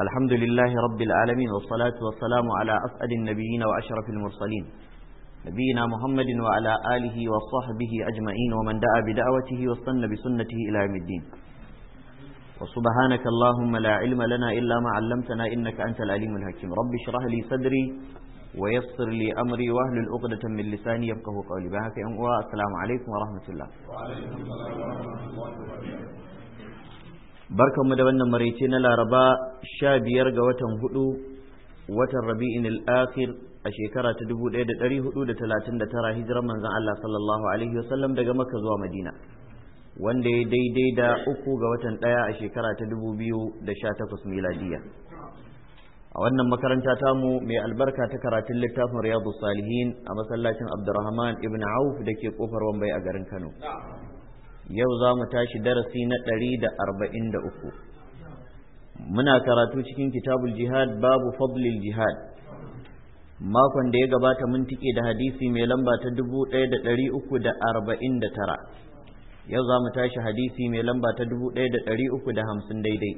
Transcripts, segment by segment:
الحمد لله رب العالمين والصلاة والسلام على أسعد النبيين وأشرف المرسلين نبينا محمد وعلى آله وصحبه أجمعين ومن دعا بدعوته واستنى بسنته إلى يوم الدين وسبحانك اللهم لا علم لنا إلا ما علمتنا إنك أنت العليم الحكيم رب اشرح لي صدري ويسر لي أمري وأهل الأقدة من لساني يفقه قولي بهك السلام عليكم ورحمة الله وعليكم السلام ورحمة الله وبركاته mu da wannan maraice na laraba sha biyar ga watan hudu watan rabi'in al'akhir a shekara ta dubu ɗaya da ɗari hudu da talatin da tara hijirar manzan Allah sallallahu alaihi wasallam daga maka zuwa madina wanda ya daidai da uku ga watan ɗaya a shekara ta dubu biyu da sha takwas miladiya a wannan makaranta ta mu, mai albarka ta karatun littafin riyadu salihin a masallacin abdurrahman ibn auf da ke kofar wambai a garin kano yau za mu tashi darasi na ɗari da arba'in da uku muna karatu cikin kitabul jihad babu fadlil jihad makon da ya gabata mun tike da hadisi mai lamba ta dubu ɗaya da ɗari uku da arba'in da tara yau za mu tashi hadisi mai lamba ta dubu ɗaya da ɗari uku da hamsin daidai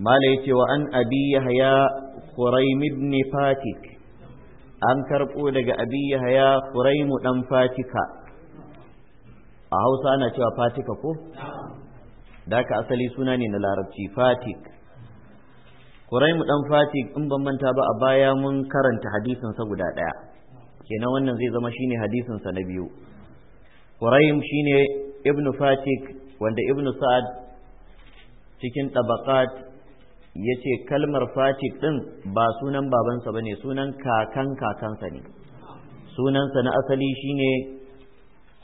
mala ya cewa an abi yahya quraim ibn fatik an karɓo daga abi yahya quraimu ɗan fatika a hausa ana cewa fatika ko da ka asali suna ne na larabci fatik kuraimu dan fatik in ban manta ba a baya mun karanta hadisinsa guda ɗaya. kenan wannan zai zama shine hadisinsa na biyu kuraim shine ibnu fatik wanda ibnu sa'ad cikin tabaqat ya ce kalmar fatik ɗin ba sunan babansa ba ne sunan kakan kakansa ne sunansa na asali shine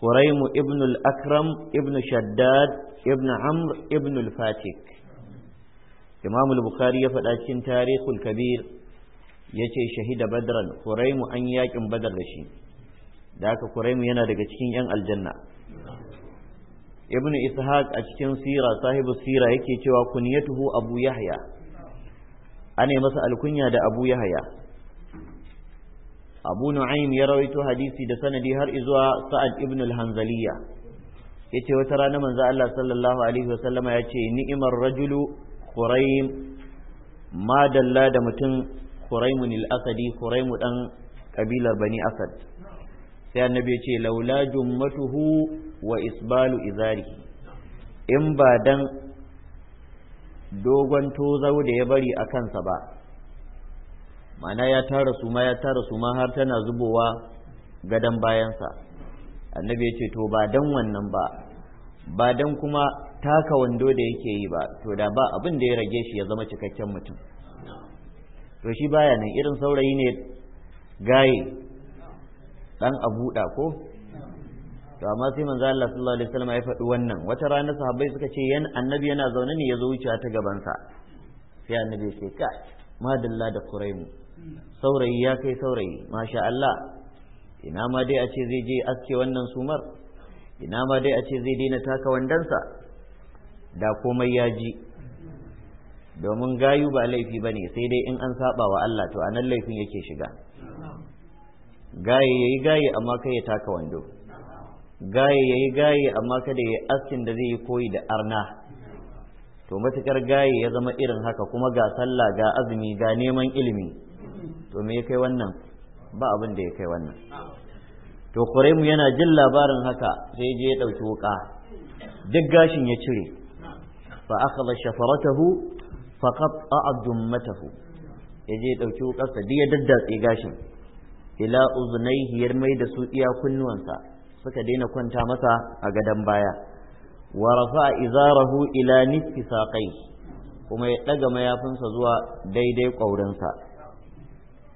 Kuraimu ibn al-akram ibn shaddad ibn amr ibn al-fatik imam al-bukhari ya faɗa cikin tarihul kabir yace shahida badran Kuraimu an yakin badar da shi da haka Kuraimu yana daga cikin yan aljanna ibn ishaq a cikin sira sahibu sira yake cewa kunyatuhu abu yahya ana masa alkunya da abu yahya abu nu'aym ya rawaito hadisi da sanadi har zuwa sa'ad ibn al-hanzaliya yace wata rana manzo Allah sallallahu alaihi wasallama yace ni'imar rajulu quraym ma dalla da mutum quraymun al-asadi khuraymu dan kabilar bani asad sai annabi yace laula jummatuhu wa isbalu izarihi in ba dan dogon tozau da ya bari a kansa ba ma'ana ya tara su ma ya tara su ma har tana zubowa gadon bayansa annabi ya ce to ba dan wannan ba ba dan kuma taka wando da yake yi ba to da ba abin da ya rage shi ya zama cikakken mutum to shi baya nan irin saurayi ne gaye dan abuda ko to amma sai manzo Allah sallallahu alaihi wasallam ya faɗi wannan wata rana sahabbai suka ce yan annabi yana zaune ne ya zo wucewa ta gaban sa sai annabi ya ce ka madalla da kuraimu saurayi ya kai saurayi masha Allah ina ma dai a ce zai je aske wannan sumar ina ma dai a ce zai daina taka wandansa da komai ya ji domin gayu ba laifi ba ne sai dai in an saba wa Allah to anan laifin yake shiga gaye yayi gaye amma kai ya taka wando gaye yayi gaye amma kada ya askin da zai yi koyi da arna to matukar gaye ya zama irin haka kuma ga sallah ga azumi ga neman ilimi to me ya kai wannan ba abin da ya kai wannan to Kuremu yana jin labarin haka sai je ya ɗauki wuka duk gashin ya cire fa akhadha shafaratahu fa qata'a dummatahu ya je ya ɗauki wuƙarsa. Diya ya daddatse gashin ila uznaihi ya mai da su iya kunnuwansa suka daina kwanta masa a gadon baya wa rafa izarahu ila nisfi saqai kuma ya ɗaga mayafinsa zuwa daidai ƙwaurinsa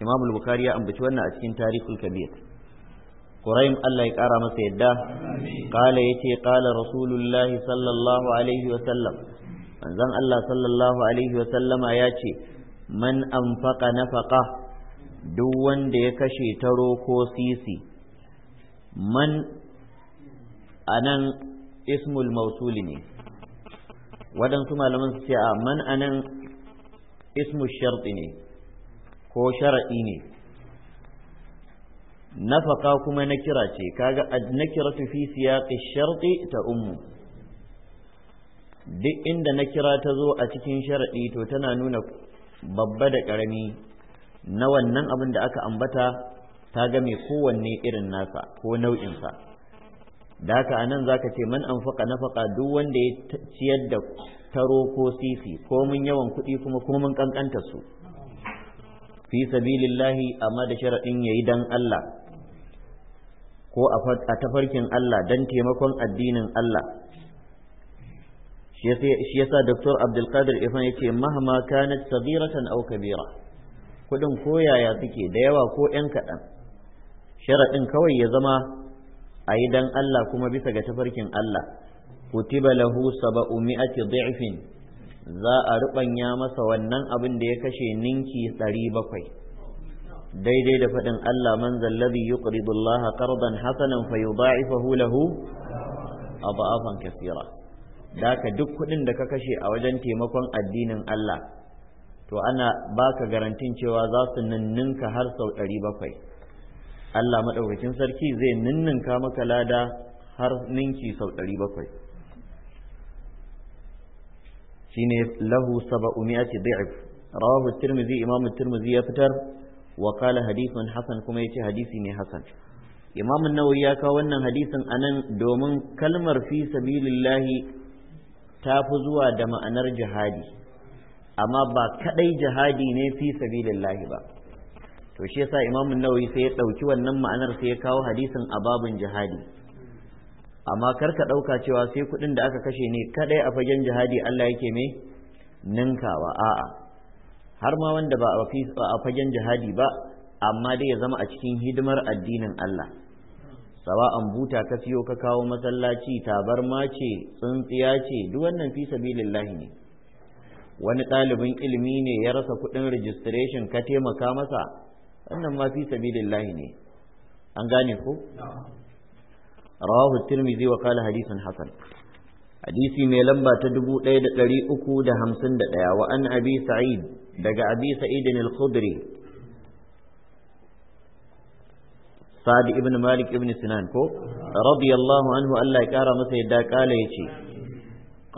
imam bukhari ya ambaci wannan a cikin tarihul kabir quraim Allah ya kara masa yadda qala yace qala rasulullah sallallahu alaihi wa sallam manzon Allah sallallahu alaihi wa sallama yace man anfaqa nafaqa duk wanda ya kashe taro ko sisi man anan ismul mausuli ne waɗansu malaman su ce a man anan ismul sharti ne ko shara'i ne nafaka kuma na kira ce kaga na kira fi siyaqi sharti ta ummu duk inda na kira ta zo a cikin sharaɗi to tana nuna babba da ƙarami na wannan abin da aka ambata ta game kowanne irin nasa ko nau'insa da haka anan za ka ce man na nafaka duk wanda ya ciyar da taro ko sisi ko mun yawan kuɗi kuma ko mun ƙanƙanta su fi sabilillahi amma da sharaɗin yi dan Allah ko a tafarkin Allah dan taimakon addinin Allah shi yasa Dr. Abdulkadir Ifan yace mahma kanat sabiratan au kabira kudin koyaya suke da yawa ko yan kaɗan sharaɗin kawai ya zama a yi dan Allah kuma bisa ga tafarkin Allah kutiba lahu saba'u mi'ati za a ruɓanya masa wannan abin da ya kashe ninki ɗari bakwai daidai da faɗin Allah man zallabi yuqridu Allah qardan hasanan a lahu adha'afan Da daka duk kuɗin da ka kashe a wajen taimakon addinin Allah to ana baka garantin cewa za su ninninka har sau ɗari bakwai Allah maɗaukakin sarki zai ninninka maka lada har ninki sau ɗari bakwai shine lahu saba'u mi'ati dhi'f rawahu tirmidhi imamu tirmidhi ya fitar wa qala hadithun hasan kuma yace hadisi ne hasan imamu nawawi ya kawo wannan hadisin anan domin kalmar fi sabilillahi ta fi zuwa da ma'anar jihadi amma ba kadai jihadi ne fi sabilillahi ba to shi yasa imamu nawawi sai ya dauki wannan ma'anar sai ya kawo hadisin a babun jihadi amma kar ka ɗauka cewa sai kuɗin da aka kashe ne kaɗai a fagen jihadi Allah yake mai ninkawa a'a har ma wanda ba a fagen jihadi ba amma dai ya zama a cikin hidimar addinin Allah Sawa an buta ka siyo ka kawo masallaci tabarma ce tsintsiya ce duk wannan fi sabilillahi ne wani ɗalibin ilimi ne ya rasa kuɗin registration ka taimaka masa wannan ma fi sabilillahi ne an gane ko rawahu tirmidhi wa qala hadithun hasan hadisi mai lamba ta 1351 wa an abi sa'id daga abi sa'id al sadi sa'd ibn malik ibn sinan ko radiyallahu anhu Allah ya kara masa yadda kala yace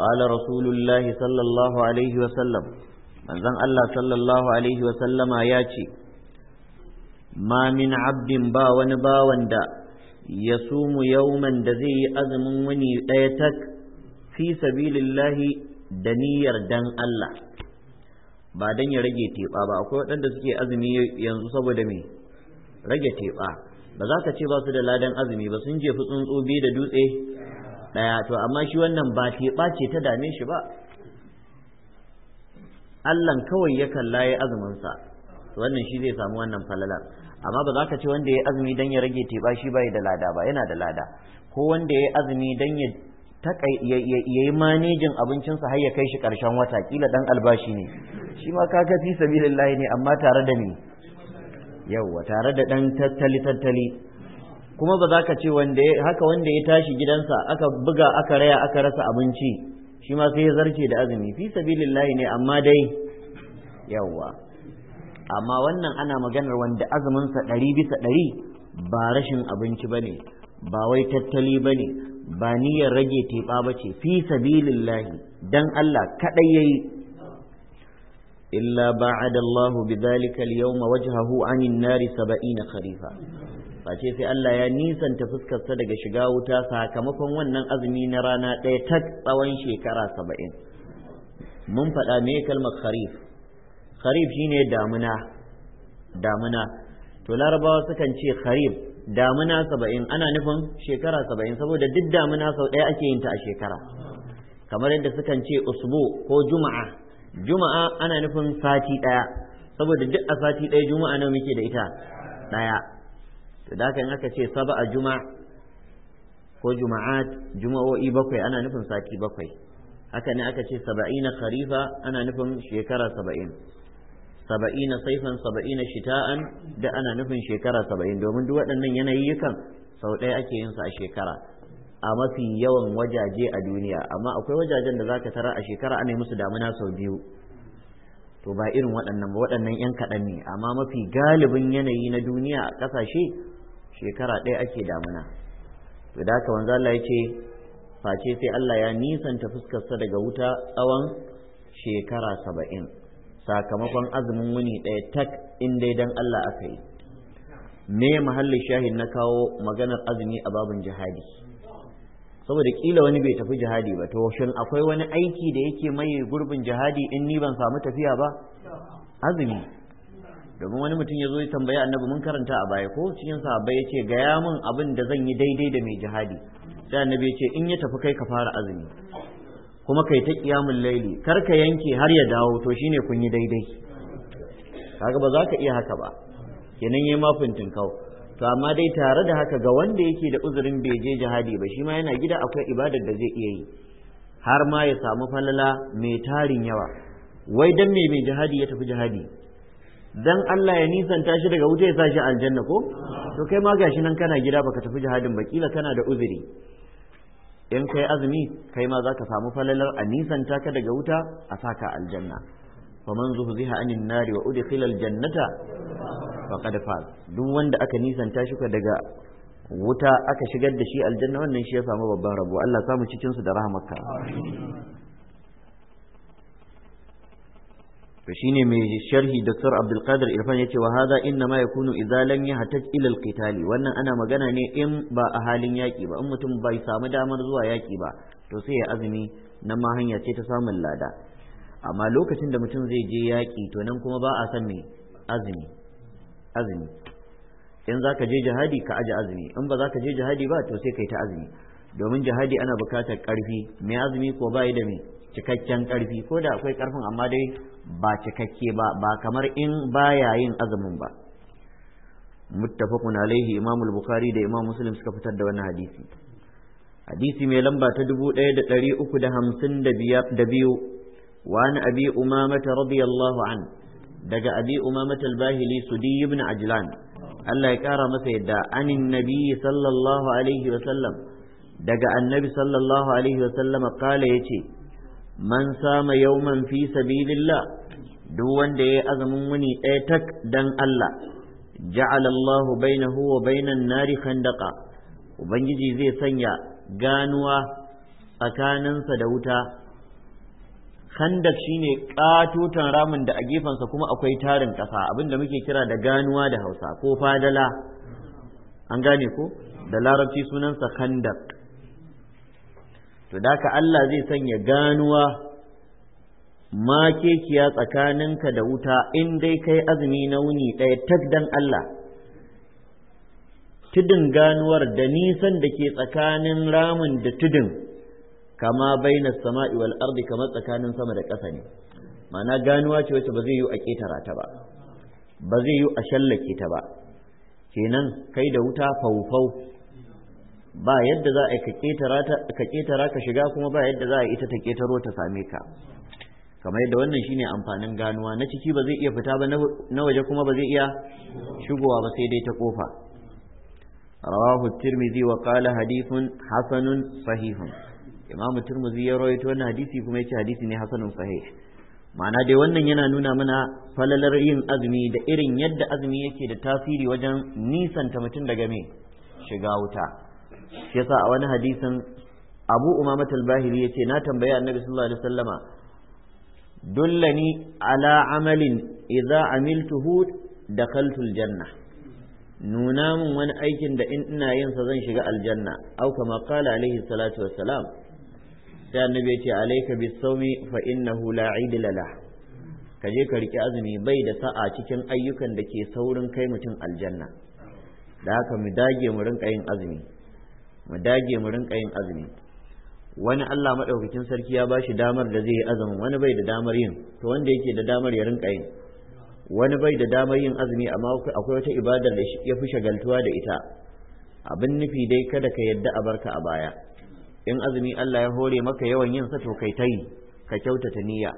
qala rasulullahi sallallahu alaihi wa sallam manzon Allah sallallahu alaihi wa sallama yace ma min abdin ba wani bawan da ya sumu yauman da zai yi azumin wani ɗaya tak fi sabilillahi da niyyar dan Allah ba dan ya rage teɓa ba akwai waɗanda suke azumi yanzu saboda me rage teɓa ba za ka ce ba su da ladan azumi ba sun jefi tsuntsu biyu da dutse ɗaya to amma shi wannan ba teɓa ce ta dame shi ba Allah kawai ya kalla azuminsa wannan shi zai samu wannan falalar amma ba za ka ce wanda ya azumi don ya rage teba shi bai da lada ba yana da lada ko wanda ya azumi don ya ya yi manejin abincinsa har ya kai shi ƙarshen wata kila dan albashi ne shi ma ka fi sabilillahi ne amma tare da ni yawwa tare da dan tattali tattali kuma ba za ka ce wanda haka wanda ya tashi gidansa aka buga aka raya aka rasa abinci shi ma sai ya zarce da azumi fi sabilillahi ne amma dai yawwa amma wannan ana maganar wanda azuminsa ɗari bisa ɗari ba rashin abinci ba ne ba wai tattali ba ne ba niyyar rage teɓa ba ce fi sabilillahi don Allah kaɗai ya yi illa ba'ada Allah bi zalika al-yawma wajhahu 'anil nari na kharifa face sai Allah ya nisanta fuskarsa daga shiga wuta sakamakon wannan azumi na rana ɗaya ta tsawon shekara saba'in. mun faɗa me kalmar kharif kharif shine damuna damuna to larabawa sukan ce kharif damuna saba'in ana nufin shekara saba'in saboda duk damuna sau ɗaya ake yin ta a shekara kamar yadda sukan ce usbu ko juma'a juma'a ana nufin sati ɗaya saboda duk a sati ɗaya juma'a nawa muke da ita ɗaya to da haka in aka ce saba'a juma'a ko juma'at juma'o'i bakwai ana nufin sati bakwai haka ne aka ce saba'ina kharifa ana nufin shekara saba'in saba'ina saifan saba'ina shita'an da ana nufin shekara saba'in domin duk waɗannan yanayiyyukan sau ɗaya ake yin su a shekara a mafi yawan wajaje a duniya amma akwai wajajen da za ka tara a shekara ana musu damuna sau biyu to ba irin waɗannan ba waɗannan 'yan kaɗan ne amma mafi galibin yanayi na duniya a ƙasashe shekara ɗaya ake damuna to da haka wanzu Allah ya ce face sai Allah ya nisanta fuskarsa daga wuta tsawon shekara saba'in sakamakon azumin wuni ɗaya tak in dai dan Allah aka yi me mahallin shahin na kawo maganar azumi a babin jihadi saboda kila wani bai tafi jihadi ba to shin akwai wani aiki da yake mai gurbin jihadi in ni ban samu tafiya ba azumi domin wani mutum ya zo ya tambaya annabi mun karanta a baya ko cikin sahabbai ya ce gaya min abin da zan yi daidai da mai jihadi da annabi ya ce in ya tafi kai ka fara azumi kuma kai ta kiyamul laili kar ka yanke har ya dawo to shine kun yi daidai kaga ba za ka iya haka ba kenan yayi ma fintin kawo to amma dai tare da haka ga wanda yake da uzurin bai je jihadi ba shi ma yana gida akwai ibadar da zai iya yi har ma ya samu falala mai tarin yawa wai dan me mai jihadi ya tafi jihadi dan Allah ya nisanta shi daga wuta ya sa shi aljanna ko to kai ma gashi nan kana gida baka tafi jihadin ba kila kana da uzuri in kai azumi kai ma zaka samu falalar a nisanta ka daga wuta a saka aljanna faman zuhziha anin nari wa udkhila aljannata faqad faz duk wanda aka nisanta shi daga wuta aka shigar da shi aljanna wannan shi ya samu babban rabo Allah samu cikin su da rahmarka to shine mai sharhi Dr. Abdul Qadir Irfan yace wa hada inna ma yakunu idza lam yahtaj ila al wannan ana magana ne in ba a halin yaki ba in mutum bai samu damar zuwa yaki ba to sai ya azumi nan ma hanya ce ta samun lada amma lokacin da mutum zai je yaki to nan kuma ba a san me azumi azumi in zaka je jihadi ka aje azumi in ba zaka je jihadi ba to sai kai ta azumi domin jihadi ana bukatar karfi mai azumi ko bai da me cikakken ƙarfi ko da akwai ƙarfin amma dai ba cikakke ba ba kamar in baya yin azumin ba muttafaqun alaihi imam al-bukhari da imam muslim suka fitar da wannan hadisi hadisi mai lamba ta 1352 wa أبي أمامة رضي radiyallahu an, daga abi umamat al-bahili sudi ibn ajlan Allah ya kara masa yadda anin nabi sallallahu alaihi wa sallam daga annabi sallallahu alaihi wa sallam kala yace man sama yawman fi sabilillah duk wanda ya azumin wani ɗaya tak dan Allah ja'ala Allahu bainahu wa bainan nari khandaqa ubangiji zai sanya ganuwa tsakaninsa da wuta khandak shine katutan ramin da a gefensa kuma akwai tarin ƙasa abinda muke kira da ganuwa da Hausa ko fadala an gane ko da larabci sunansa khandaq to daka Allah zai sanya ganuwa makekiya tsakaninka da wuta in dai kai azumi na wuni ɗaya dan Allah tudun ganuwar da nisan da ke tsakanin ramin da tudun kama baina sama'i wal ardi kamar tsakanin sama da ƙasa ne mana ganuwa ce wacce ba zai yi a ƙetara ta ba ba zai yi a shallake ta ba kenan kai da wuta faufau ba yadda za a ka ketara ka shiga kuma ba yadda za a ita ta ketaro ta same ka kamar yadda wannan shine amfanin ganuwa na ciki ba zai iya fita ba na waje kuma ba zai iya shigowa ba sai dai ta kofa rawahu tirmidhi wa qala hadithun hasanun sahihun imamu tirmidhi ya rawaito wannan hadisi kuma yace hadisi ne hasanun sahih ma'ana dai wannan yana nuna mana falalar yin azumi da irin yadda azumi yake da tasiri wajen nisan ta mutum daga me shiga wuta shi yasa a wani hadisin abu umamat al-bahili yace na tambayi annabi sallallahu alaihi wasallama dullani ala amalin idza amiltuhu dakhaltu al-janna nuna min wani aikin da in ina yin sa zan shiga aljanna au kama qala alaihi salatu wassalam sai annabi yace alayka bisawmi fa innahu la idlala ka je ka riki azumi bai da sa'a cikin ayyukan da ke saurin kai mutum aljanna da haka mu dage mu rinka yin azumi mu dage mu rinka yin azumi wani Allah madaukakin sarki ya bashi damar da zai yi azumin wani bai da damar yin to wanda yake da damar ya rinka yin wani bai da damar yin azumi amma akwai wata ibadar da ya fi shagaltuwa da ita abin nufi dai kada ka yadda a barka a baya in azumi Allah ya hore maka yawan yin sa to kai ta ka kyautata niyya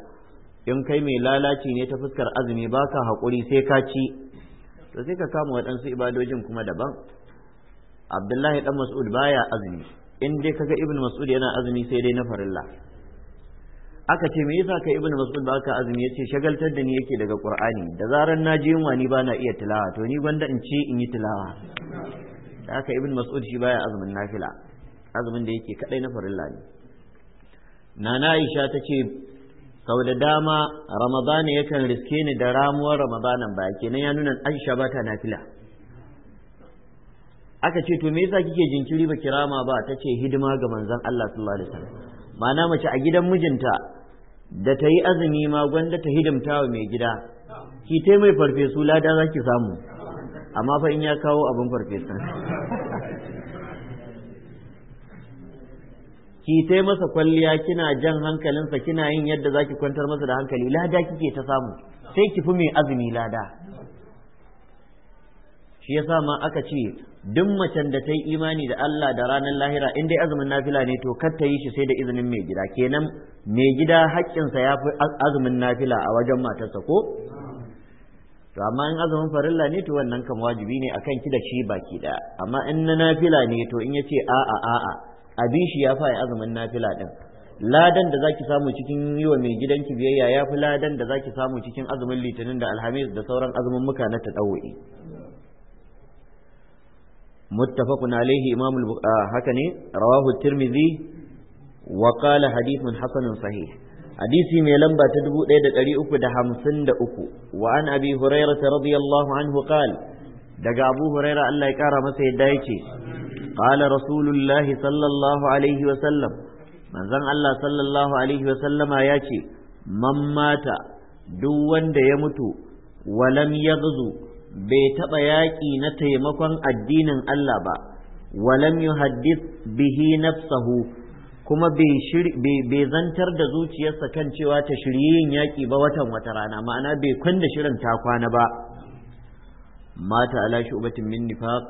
in kai mai lalaci ne ta fuskar azumi baka hakuri sai ka ci to sai ka kama waɗansu ibadojin kuma daban abdullahi dan mas'ud baya azumi in dai kaga ibnu mas'ud yana azumi sai dai na farilla aka ce me yasa ka Ibn mas'ud ba ka azumi yace shagaltar da ni yake daga qur'ani da zaran na ji yunwa ni ba na iya tilawa to ni gwanda in ce in yi tilawa da haka ibnu mas'ud shi baya azumin nafila azumin da yake kadai na farilla ne nana aisha ta ce sau da dama ramadan yakan riske ni da ramuwar ramadanan ba kenan ya nuna aisha ba ta nafila aka ce to me yasa kike jinkiri ba kirama ba ta ce hidima ga manzon Allah sallallahu alaihi wasallam ma'ana mace a gidan mijinta da ta yi azumi ma gwanda ta hidimta wa mai gida ki tai mai farfesu lada za ki samu amma fa in ya kawo abin farfesu ki tai masa kwalliya kina jan hankalinsa kina yin yadda za ki kwantar masa da hankali lada kike ta samu sai ki fi mai azumi lada shi yasa ma aka ce duk macen da ta yi imani da Allah da ranar lahira in dai azumin nafila ne to kar ta yi shi sai da izinin mai gida kenan mai gida haƙƙinsa ya fi azumin nafila a wajen matarsa ko to amma in azumin farilla ne to wannan kan wajibi ne akan ki da shi baki daya amma in na nafila ne to in yace a'a a'a abin shi ya fa azumin nafila din ladan da zaki samu cikin yiwa wa mai gidanki biyayya ya fi ladan da zaki samu cikin azumin litinin da alhamis da sauran azumin muka na ta muttafaqun alaihi imam ah, haka ne rawahu tirmizi wa qala hadithun hasanun sahih hadisi mai lamba ta 1353 wa an abi hurairah radiyallahu anhu qala daga abu hurairah Allah ya kara masa yadda yake qala rasulullahi sallallahu alaihi wa sallam manzon Allah sallallahu alaihi wa sallama ya ce man duk wanda ya mutu walam yaghzu bai taɓa yaƙi na taimakon addinin Allah ba walam yuhaddith bihi nafsahu kuma bai zantar da zuciyarsa kan cewa ta shirye yin yaƙi ba watan wata rana ma'ana bai kwanda shirin ta kwana ba mata ala shubatin min nifaq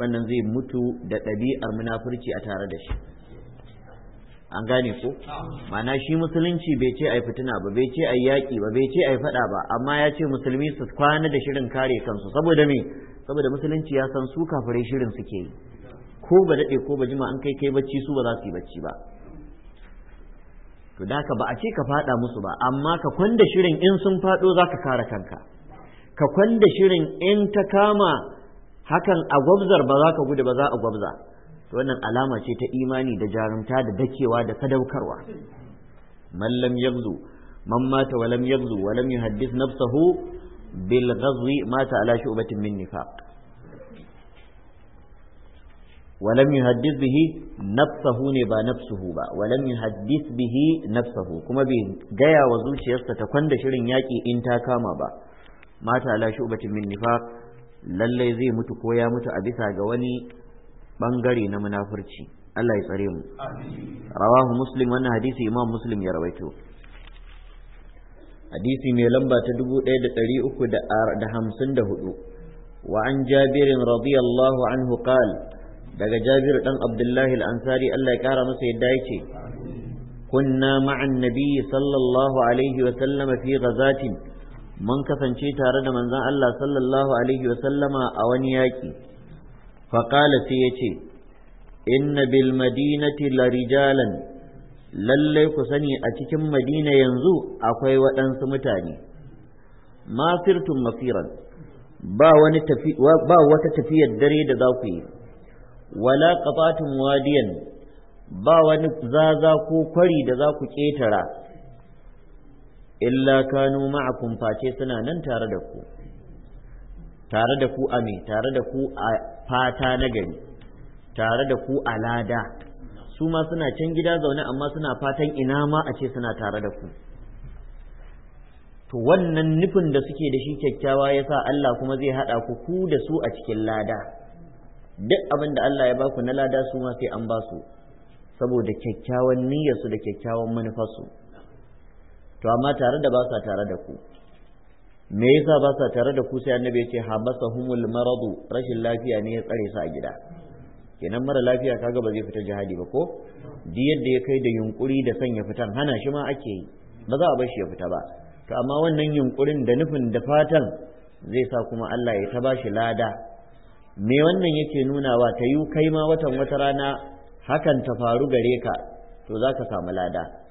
wannan zai mutu da ɗabi'ar munafurci a tare da shi an gane ko mana shi musulunci bai ce ai fitina ba bai ce ai yaƙi ba bai ce ai faɗa ba amma ya ce musulmi su kwana da shirin kare kansu saboda me saboda musulunci ya san su kafirai shirin suke yi ko ba daɗe ko ba jima an kai kai bacci su ba za su yi bacci ba to daka ba a ce ka faɗa musu ba amma ka kwanda shirin in sun faɗo za ka kare kanka ka kwanda shirin in ta kama hakan a gwabzar ba za ka gudu ba za a gwabza wannan alama ce ta imani da jarumta da dakewa da sadaukarwa man lam yabzu man mata wa lam yaghzu wa lam yuhaddith nafsahu bil ghazwi mata ala shu'batin min nifaq ولم ne ba nafsuhu ba. Walam با ولم bihi, به kuma bai gaya wa zuciyarsa ta kwanda shirin yaki in ta kama ba mata ala shubatin min nifaq lalle zai mutu ko ya mutu a bisa ga wani bangare na munafurci Allah ya tsare mu rawahu muslim wannan hadisi imam muslim ya rawaito hadisi mai lamba ta dubu ɗaya da da uku hamsin 1354 wa an jabirin radiyallahu anhu qal daga jabir dan abdullahi al-ansari Allah ya kara masa yadda yake kunna ma'an nabiyyi sallallahu alaihi wa sallama fi ghazatin mun kasance tare da manzon Allah sallallahu alaihi wa sallama a wani yaki faƙala sai ya ce inna bil madinati la rijalan lallai ku sani a cikin madina yanzu akwai waɗansu mutane ma sirtum ba wata tafiyar dare da za ku yi wala qata'tum wadiyan ba wani zaza ko kwari da za ku ƙetara illa kanu ma'akum face suna nan tare da ku tare da ku a tare da ku fata na gari tare da ku alada su ma suna can gida zaune amma suna fatan ina ma a ce suna tare da ku to wannan nufin da suke da shi kyakkyawa ya sa Allah kuma zai haɗa ku ku da su a cikin lada duk abin da Allah ya baku na lada su ma sai an ba su saboda kyakkyawan niyyarsu da kyakkyawan manufarsu to amma tare da ba sa tare da ku me yasa ba sa tare da ku sai annabi ya ce humul maradu rashin lafiya ne ya tsare su a gida kenan mara lafiya kaga ba zai fita jihadi ba ko di yadda ya kai da yunkuri da sanya fitan hana shi ma ake yi ba za a bar shi ya fita ba to amma wannan yunkurin da nufin da fatan zai sa kuma Allah ya ta shi lada me wannan yake nunawa ta yi kai ma watan wata rana hakan ta faru gare ka to za ka samu lada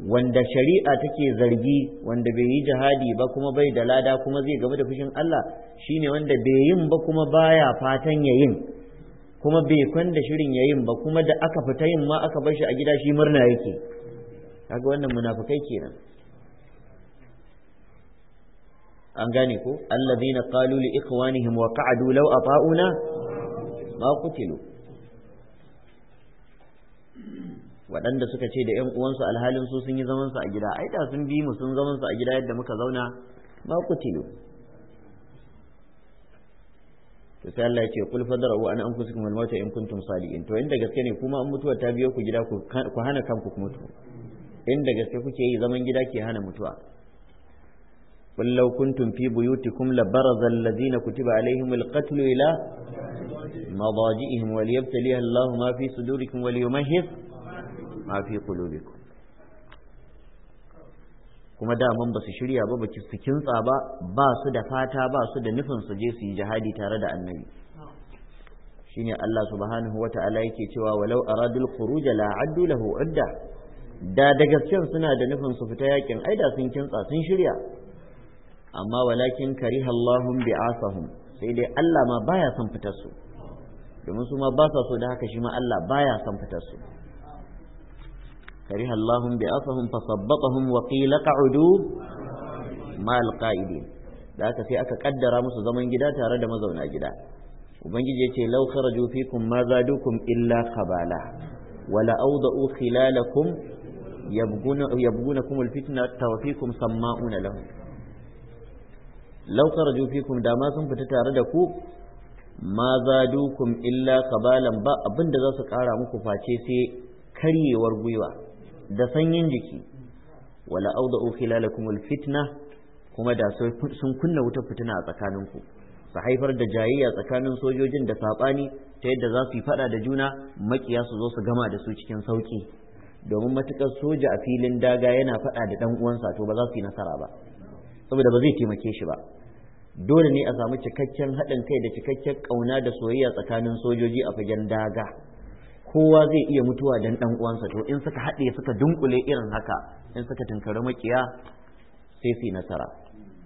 wanda shari'a take zargi wanda bai yi jihadi ba kuma bai da lada kuma zai gaba da fushin Allah shine wanda bai yin ba kuma baya fatan ya yin kuma bai kwanda shirin ya yin ba kuma da aka fita yin ma aka bar shi a gida shi murna yake kaga wannan munafukai kenan an gane ko allazina qalu li ikhwanihim wa qa'adu law ata'una ma qutilu waɗanda suka ce da 'yan uwansu alhalin su sun yi zamansu a gida ai da sun bi mu sun zamansu a gida yadda muka zauna ba ku tilo. to sai Allah ya ce kul fadra'u an anfusikum al mauta in kuntum salihin to inda gaske ne kuma an mutuwa ta biyo ku gida ku hana kanku ku mutu inda gaske kuke yi zaman gida ke hana mutuwa قل لو كنتم في بيوتكم لبرز الذين كتب عليهم القتل إلى مضاجئهم وليبتليها الله ما في صدوركم وليمهز ma fi qulubikum kuma daman ba su shirya ba baki su kintsa ba ba su da fata ba su da nufin su je su yi jihadi tare da annabi shine Allah subhanahu wa ta'ala yake cewa walau aradul khuruj la addu lahu udda da da gaskiyan suna da nufin su fita yakin ai da sun kintsa sun shirya amma walakin kariha Allahum bi'asahum sai dai Allah ma baya son fitar su domin su ma ba sa so da haka shi ma Allah baya son fitar su كره الله بأسهم فصبطهم وقيل قعدوا مع القائدين da aka sai aka kaddara musu zaman gida tare da mazauna gida ubangiji yace law kharaju fikum ma zadukum illa khabala wala awda'u khilalakum yabguna yabgunakum alfitna tawfikum samma'una lahum law kharaju fikum da ma sun fita tare da ku ma zadukum illa qabalan ba abinda za su kara muku face sai karyewar gwiwa da sanyin jiki wala auda'u khilalakum alfitna kuma da sun kunna wuta fitina a tsakaninku su haifar da jayayya tsakanin sojojin da saɓani ta yadda za su yi faɗa da juna makiya su zo su gama da su cikin sauƙi domin matukar soja a filin daga yana faɗa da ɗan uwansa to ba za su yi nasara ba saboda ba zai taimake shi ba dole ne a samu cikakken haɗin kai da cikakken ƙauna da soyayya tsakanin sojoji a fagen daga kowa zai iya mutuwa dan dan uwansa to in suka haɗe suka dunkule irin haka in suka tunkari makiya sai su nasara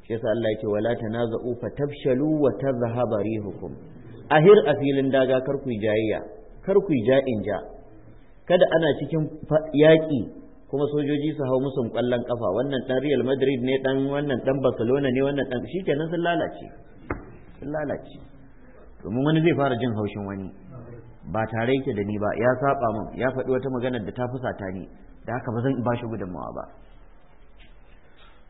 shi yasa Allah yake ce wala tanaza'u tafshalu wa tadhhabu rihukum ahir a filin daga kar ku jayayya kar ku ja'in ja kada ana cikin yaƙi kuma sojoji su hau musu kwallon kafa wannan dan Real Madrid ne dan wannan dan Barcelona ne wannan dan shikenan sun lalace sun lalace domin wani zai fara jin haushin wani ba tare yake da ni ba ya saba min ya faɗi wata magana da ta fusata ni da haka ba zan ba shi gudunmawa ba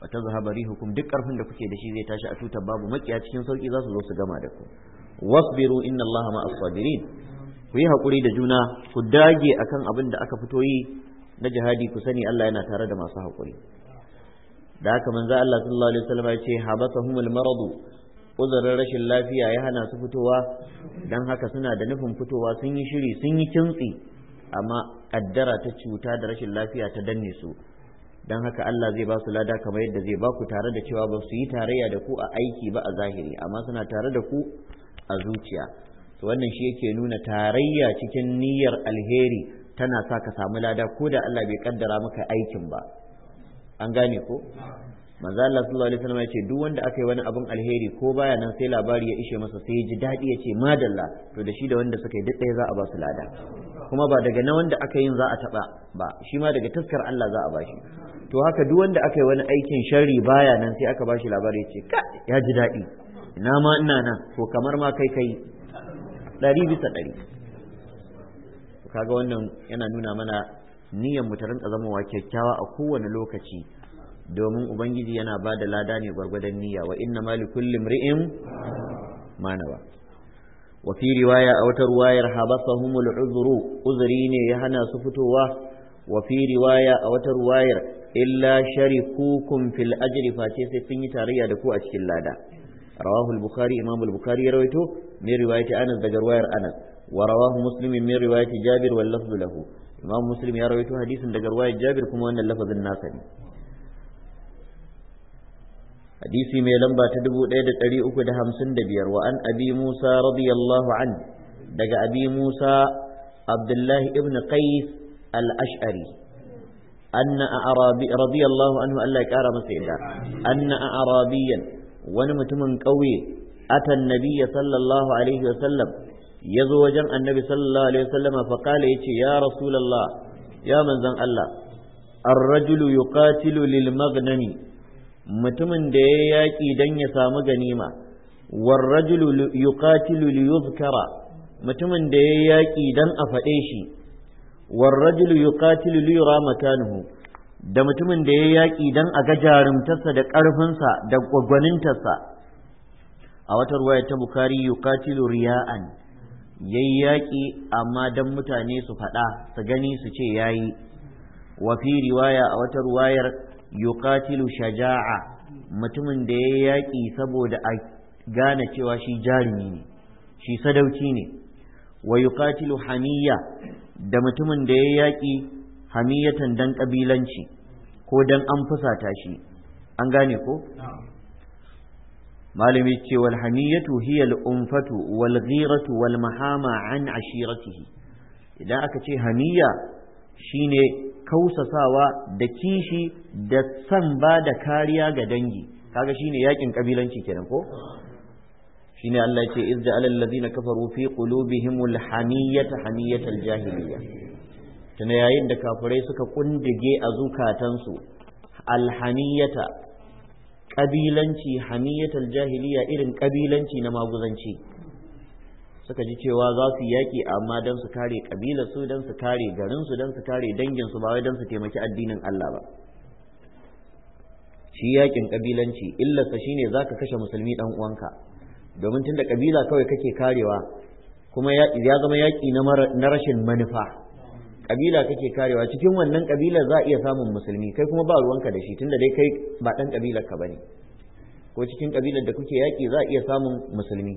wa ta zahaba rihukum duk karfin da kuke da shi zai tashi a tutar babu makiya cikin sauki za su zo su gama da ku wasbiru inna allaha ma as-sabirin ku yi hakuri da juna ku dage akan abin da aka fito yi na jihadi ku sani Allah yana tare da masu hakuri da haka manzo Allah sallallahu alaihi wasallam ya ce habasahumul maradu uzurin rashin lafiya ya hana su fitowa don haka suna da nufin fitowa sun yi shiri sun yi kintsi amma addara ta cuta da rashin lafiya ta danne su don haka Allah zai ba su lada kamar yadda zai ba ku tare da cewa ba su yi tarayya da ku a aiki ba a zahiri amma suna tare da ku a zuciya to wannan shi yake nuna tarayya cikin niyyar alheri tana sa ka samu lada ko da Allah bai kaddara maka aikin ba an gane ko manzo Allah sallallahu alaihi wasallam ya duk wanda aka wani abun alheri ko baya nan sai labari ya ishe masa sai ya ji daɗi yace ce madalla to da shi da wanda suka yi duk ɗaya za a ba su lada kuma ba daga na wanda aka yin za a taɓa ba shi ma daga taskar Allah za a ba shi to haka duk wanda aka yi wani aikin sharri baya nan sai aka ba shi labari yace ka ya ji daɗi ina ma ina nan to kamar ma kai kai ɗari bisa ɗari kaga wannan yana nuna mana niyyar mu ta rinka zamowa kyakkyawa a kowane lokaci domin ubangiji yana ba da lada ne gwargwadon niyya wa inna mali kullum ri'in manawa wa fi riwaya a wata ruwayar humul uzuru uzuri ne ya hana su fitowa wa fi riwaya a wata ruwayar illa sharikukum fil ajri face sai sun yi tarayya da ku a cikin lada rawahu al-bukhari imam al-bukhari ya rawaito mai riwayati anas daga ruwayar anas wa rawahu muslim min riwayati jabir wal lafzu lahu imam muslim ya rawaito hadisin daga ruwayar jabir kuma wannan lafazin nasa ne hadisi mai lamba ta 1355 wa an abi musa radiyallahu an daga abi musa abdullahi ibn qais al-ash'ari anna arabi arabiyan wani mutumin ƙauye atan nabiyya sallallahu alaihi wa sallam yazo wajen annabi sallallahu alaihi wa sallama fa kala yace ya rasulullah ya manzon Allah ar-rajulu yuqatilu lil mutumin da ya yaƙi don ya samu ganima warrajulu yuqatilu liyuzkara mutumin da ya yaƙi don a faɗe shi warrajulu yuqatilu liyura makanuhu da mutumin da ya yaƙi don a ga da ƙarfinsa da gwagwanintarsa a watar waya ta bukari yuqatilu riya'an yayi yaƙi amma don mutane su faɗa su gani su ce yayi wa fi riwaya a wata ruwayar yuqatilu shaja'a mutumin da ya yaƙi saboda a gane cewa shi jarumi ne shi sadauci ne wa yuqatilu hamiya da mutumin da ya yaƙi hamiyatan dan kabilanci ko dan an fusata shi an gane ko malami ce wal hamiyatu hiya al umfatu wal ghiratu wal mahama an ashiratihi idan aka ce hamiya shine kausasawa da kishi da san ba da kariya ga dangi kaga shine yakin kabilanci kenan ko shine Allah ya ce izda alal ladina kafaru fi qulubihim haniyata haniyatal jahiliya tana yayin da kafirai suka kundige a zukatansu alhaniyata kabilanci haniyatal jahiliya irin kabilanci na maguzanci suka ji cewa za su yaƙi amma don su kare ƙabilar su don su kare garin don su kare dangin su ba wai don su taimaki addinin Allah ba shi yaƙin ƙabilanci illarsa shine zaka kashe musulmi dan uwanka domin tunda ƙabila kawai kake karewa kuma ya zama yaƙi na rashin manufa ƙabila kake karewa cikin wannan ƙabilar za a iya samun musulmi kai kuma ba ruwanka da shi tunda dai kai ba ɗan ƙabilar ka ne, ko cikin ƙabilar da kuke yaƙi za a iya samun musulmi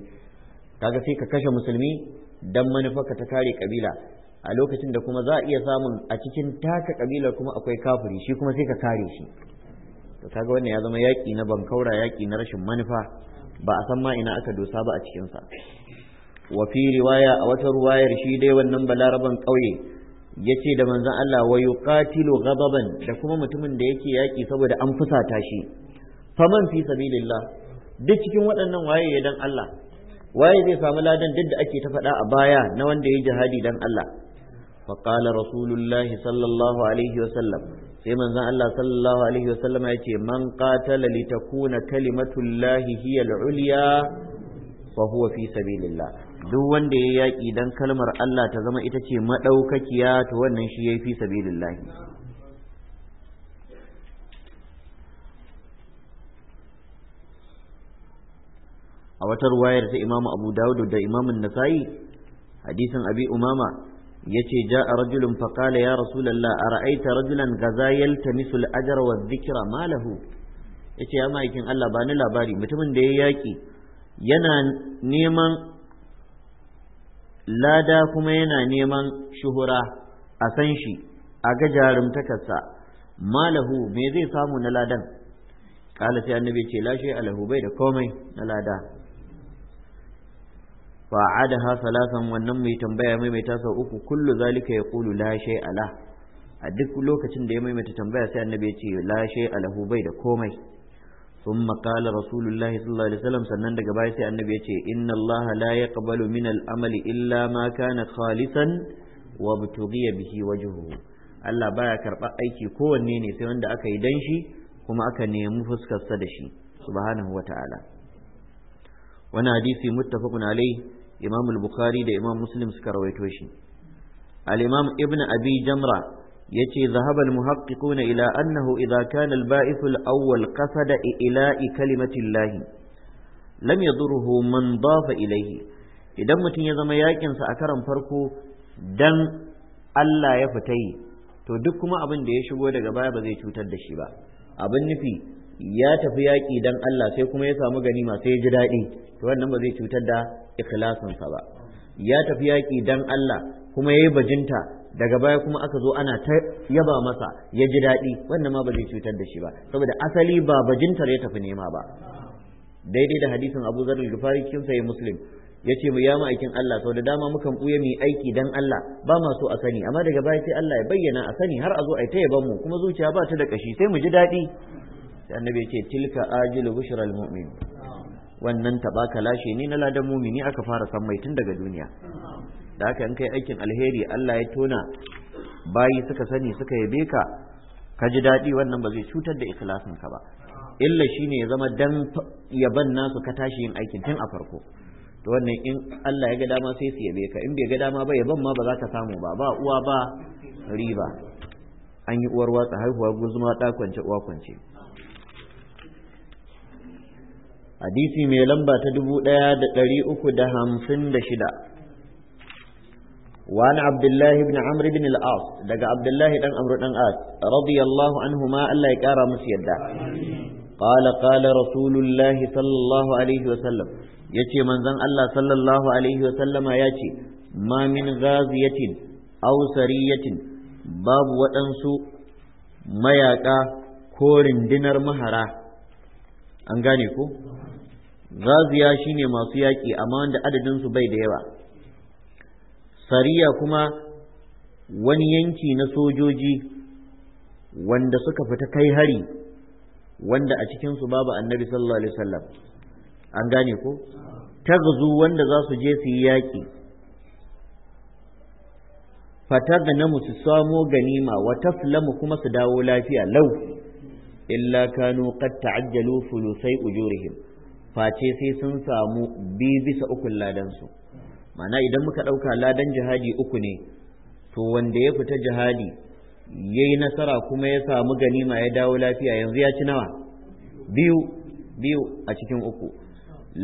kaga sai ka kashe musulmi dan ka ta kare kabila a lokacin da kuma za a iya samun a cikin taka kabilar kuma akwai kafuri, shi kuma sai ka kare shi to kaga wannan ya zama yaki na bankaura yaki na rashin manufa ba a san ma ina aka dosa ba a cikinsa wa fi riwaya a wata ruwayar shi dai wannan balaraban ƙauye yace da manzon Allah wa yuqatilu ghadaban da kuma mutumin da yake yaki saboda an fusata shi faman fi sabilillah duk cikin waɗannan waye ya dan Allah waye zai samu ladan duk da ake ta faɗa a baya na wanda ya yi jihadi dan Allah fa qala rasulullahi sallallahu alaihi wa sallam sai manzon Allah sallallahu alaihi wa sallam ya ce man qatala li takuna kalimatullahi hiya al-ulya fa huwa fi sabilillah duk wanda ya yaƙi dan kalmar Allah ta zama ita ce madaukakiya to wannan shi yayi fi sabilillah a wata ruwayar ta imamu abu dawud da imamun nasa'i hadisin abi umama ja a rajulun faƙala ya a ra'aita rajulan gaza yalta al-ajra wa zikira ma lahu ce ya ma'aikin Allah ba ni labari mutumin da ya yaƙi yana neman lada kuma yana neman shuhura a san shi a ga jarumtakarsa malahu me zai samu na ladan kala sai annabi ce lashe alahu bai da komai na lada da salasan wannan mai tambaya maimaita sau uku kullu zalika ya kulu la shay ala a duk lokacin da ya maimaita tambaya sai annabi ya ce la shay alahu bai da komai ثم قال رسول sallallahu alaihi الله sannan daga baya sai annabi ya ce inna Allah la yaqbalu min al-amali illa ma kana khalisan wa butughiya bihi wajhuhu Allah baya karba aiki kowanne ne sai wanda aka yi dan shi kuma aka nemi fuskarsa da shi subhanahu wa ta'ala hadisi muttafaqun alaihi Imamul bukhari da imam muslim suka rawaito shi Alimam imam ibn abi jamra yace zahaba al-muhaqqiquna ila annahu idza kana al-ba'ith al-awwal qasada ila kalimati llahi lam yadurruhu man dafa ilayhi idan mutum ya zama yakin sa a karan farko dan Allah ya fita yi to duk kuma abin da ya shigo daga baya ba zai cutar da shi ba abin nufi ya tafi yaƙi dan Allah sai kuma ya samu ganima sai ya ji daɗi to wannan ba zai cutar da ikhlasinsa ba ya tafi yaƙi dan Allah kuma yayi bajinta daga baya kuma aka zo ana ta yaba masa ya ji daɗi wannan ma ba zai cutar da shi ba saboda asali ba bajintar ya tafi nema ba daidai da hadisin Abu Zar al-Ghifari cikin sahih Muslim ya ce mu ya ma'aikin Allah sau da dama mukan ɓuya mu aiki dan Allah ba ma so a sani amma daga baya sai Allah ya bayyana a sani har a zo a ta yaban mu kuma zuciya ba ta da kashi sai mu ji daɗi sai annabi ya ce tilka ajilu bushral mu'min wannan ta baka lashe ne na ladan mumini aka fara san mai tun daga duniya da haka in kai aikin alheri Allah ya tona bayi suka sani suka yabe ka ka ji daɗi wannan ba zai cutar da ikhlasin ka ba illa shine ya zama dan yaban nasu ka tashi yin aikin tun a farko to wannan in Allah ya ga dama sai su yabe ka in bai ga dama ba yaban ma ba za ka samu ba ba uwa ba riba an yi uwar watsa haihuwa guzuma ɗa kwance uwa kwance hadisi mai lamba ta dubu ɗaya da ɗari uku da hamsin da shida وعن عبد الله بن عمرو بن العاص دقى عبد الله بن عمرو بن العاص رضي الله عنهما ألا يكارى مسيدا قال قال رسول الله صلى الله عليه وسلم يتي من ذن الله صلى الله عليه وسلم يتي ما من غازية أو سرية باب وأنسو ما يكا كورن دينر مهرا أنغانيكو raziya shine masu yaƙi amma wanda adadin su bai da yawa sariya kuma wani yanki na sojoji wanda suka fita kai hari wanda a cikin babu annabi sallallahu alaihi wasallam an gane ko tagzu wanda za su je su yi da namu su samo ganima wa taflamu kuma su dawo lafiya lau illa kanu qad ta'ajjalu fulusai ujurihim face sai sun samu biyu bisa ukun ladansu mana idan muka ɗauka ladan jihadi uku ne to wanda ya fita jihadi ya yi nasara kuma ya samu ganima ya dawo lafiya yanzu ya ci nawa biyu biyu a cikin uku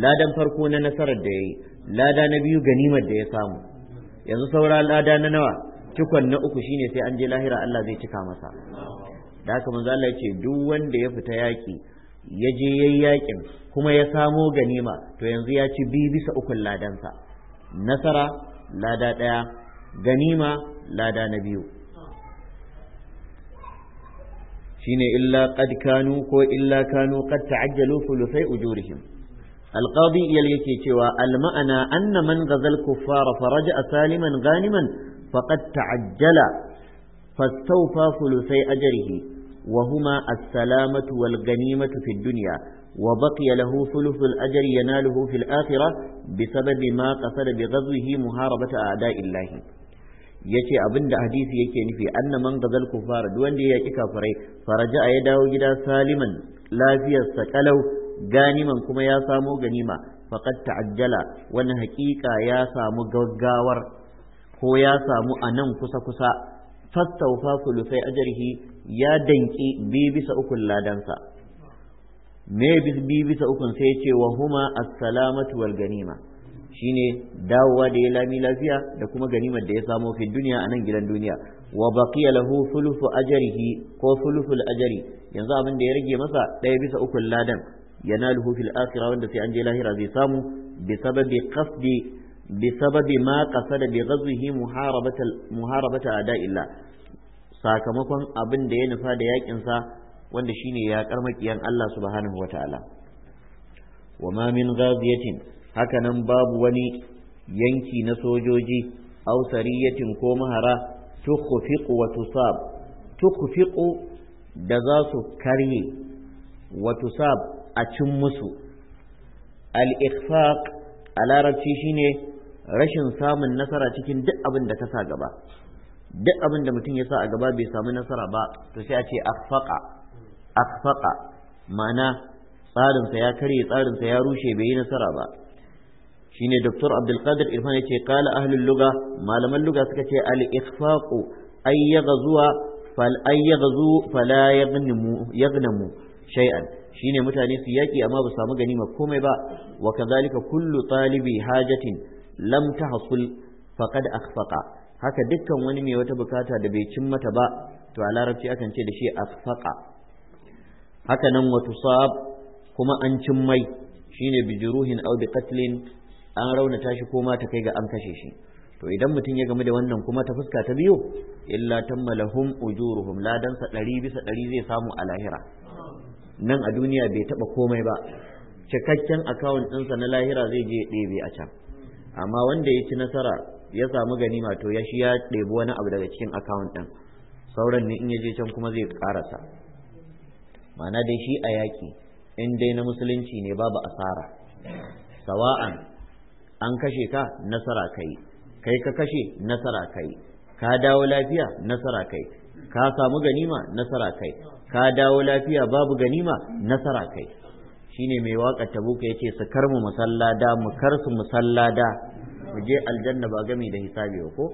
ladan farko na nasarar da ya yi lada na biyu ganimar da ya samu yanzu saura lada na nawa cikon na uku shine sai an je lahira Allah zai cika masa da haka manzo Allah ya duk wanda ya fita yaƙi ya je yayi yaƙin kuma ya samo ganima to yanzu ya ci bibisa bisa ukun ladansa nasara lada ɗaya ganima lada na biyu shine illa qad kanu ko illa kanu qad ta'ajjalu fulusai ujurihim alqadi iyal yake cewa alma'ana anna man ghazal kuffara faraja saliman ganiman faqad ta'ajjala fastawfa fulusai ajrihi wa huma as-salamatu wal ganimatu fin duniya. وبقي له ثلث الأجر يناله في الآخرة بسبب ما قصد بغزوه محاربة أعداء الله yace abin da hadisi yake nufi anna man gazal kufar duk wanda ya yaki kafirai faraja ya dawo gida saliman lafiyarsa kalau ganiman kuma ya samo ganima faqad ta'ajjala wani haƙiƙa ya samu gaggawar ko ya samu a nan kusa kusa fastawfa sulusai ajrihi ya danki bi bisa ukun ladansa me bi bisa ukun sai ce wa huma as-salamatu wal ganima shine dawowa da ya lami lafiya da kuma ganimar da ya samo fi duniya a nan gidan duniya wa baqiya lahu thuluthu ajrihi ko thuluthul ajri yanzu abin da ya rage masa ɗaya bisa ukun ladan yanaluhu fil akhirah wanda sai an je lahira zai samu bi sababi qasdi bi sababi ma qasada bi ghazwihi muharabata muharabata ada'illah sakamakon abin da ya nufa da yakin sa wanda shine ya karmakiyan Allah subhanahu wataala wa ma min ghaziyatin haka nan babu wani yanki na sojoji aw sariyatin ko mahara tukhfiqu wa tusab tukhfiqu da za su karye wa tusab a cin musu al-ikhfaq a larabci shine rashin samun nasara cikin duk abin da ka sa gaba duk abin da mutum ya sa a gaba bai samu nasara ba to sai a ce akfaqa akfaqa ma'ana tsarinsa ya karye tsarinsa ya rushe bai yi nasara ba shine Dr. abdulkadir Qadir ya ce kala ahlul luga malaman luga suka ce al ikhfaqu ay yaghzuwa fal ay yaghzu fala yaghnimu yaghnamu shay'an shine mutane su yaki amma ba samu ganima komai ba wa kadhalika kullu talibi hajatin lam tahsul faqad akhfaqa haka dukkan wani mai wata bukata da bai cimmata ba to a larabci akan ce da shi akhfaqa haka nan wa tusab kuma an cin mai shine bi juruhin aw bi qatlin an raunata shi ko ma ta kai ga an kashe shi to idan mutum ya gamu da wannan kuma ta fuska ta biyu illa tammalahum ujuruhum dan sa ɗari bisa ɗari zai samu a lahira nan a duniya bai taba komai ba cikakken akawun ɗinsa na lahira zai je ɗebe a can amma wanda ya ci nasara ya samu ganima to ya shi ya ɗebi wani abu daga cikin akawun ɗin sauran ne in ya je can kuma zai ƙarasa ma'ana dai shi a yaƙi in dai na musulunci ne babu asara sawa'an an kashe ka nasara kai kai ka kashe nasara kai ka dawo lafiya nasara kai ka samu ganima nasara kai ka dawo lafiya babu ganima nasara kai shine mai ta tabuka yace su kar mu musallada mu kar su musallada mu je aljanna ba gami da hisabi ko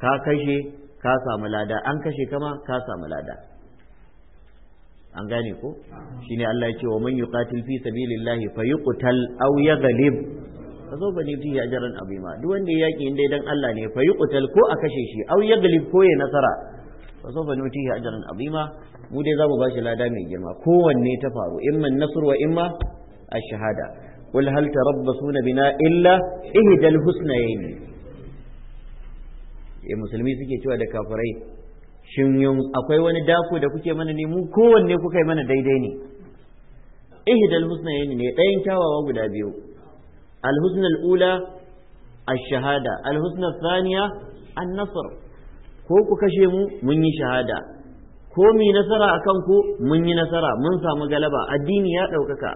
ka kashe ka samu lada an kashe kama ka samu lada an gane ko shine Allah ya ce wa man yuqatil fi sabilillahi fayuqtal aw yaghlib kazo ne fihi ajran abima duk wanda ya yaki inda dan Allah ne fayuqtal ko a kashe shi aw yaghlib ko ya nasara kazo ne fihi ajran abima mu dai zamu bashi lada mai girma kowanne ta faru imma nasr wa imma ash-shahada qul hal tarabbasuna bina illa ihdal husnayn eh musulmi suke cewa da kafirai shin yun akwai wani dako da kuke mana ne mu kowanne kuka yi mana daidai ne ihdal husnayni ne ɗayan kyawawa guda biyu alhusna al-ula ash-shahada alhusna thaniya an-nasr ko ku kashe mu mun yi shahada ko mu yi nasara akan ku mun yi nasara mun samu galaba addini ya ɗaukaka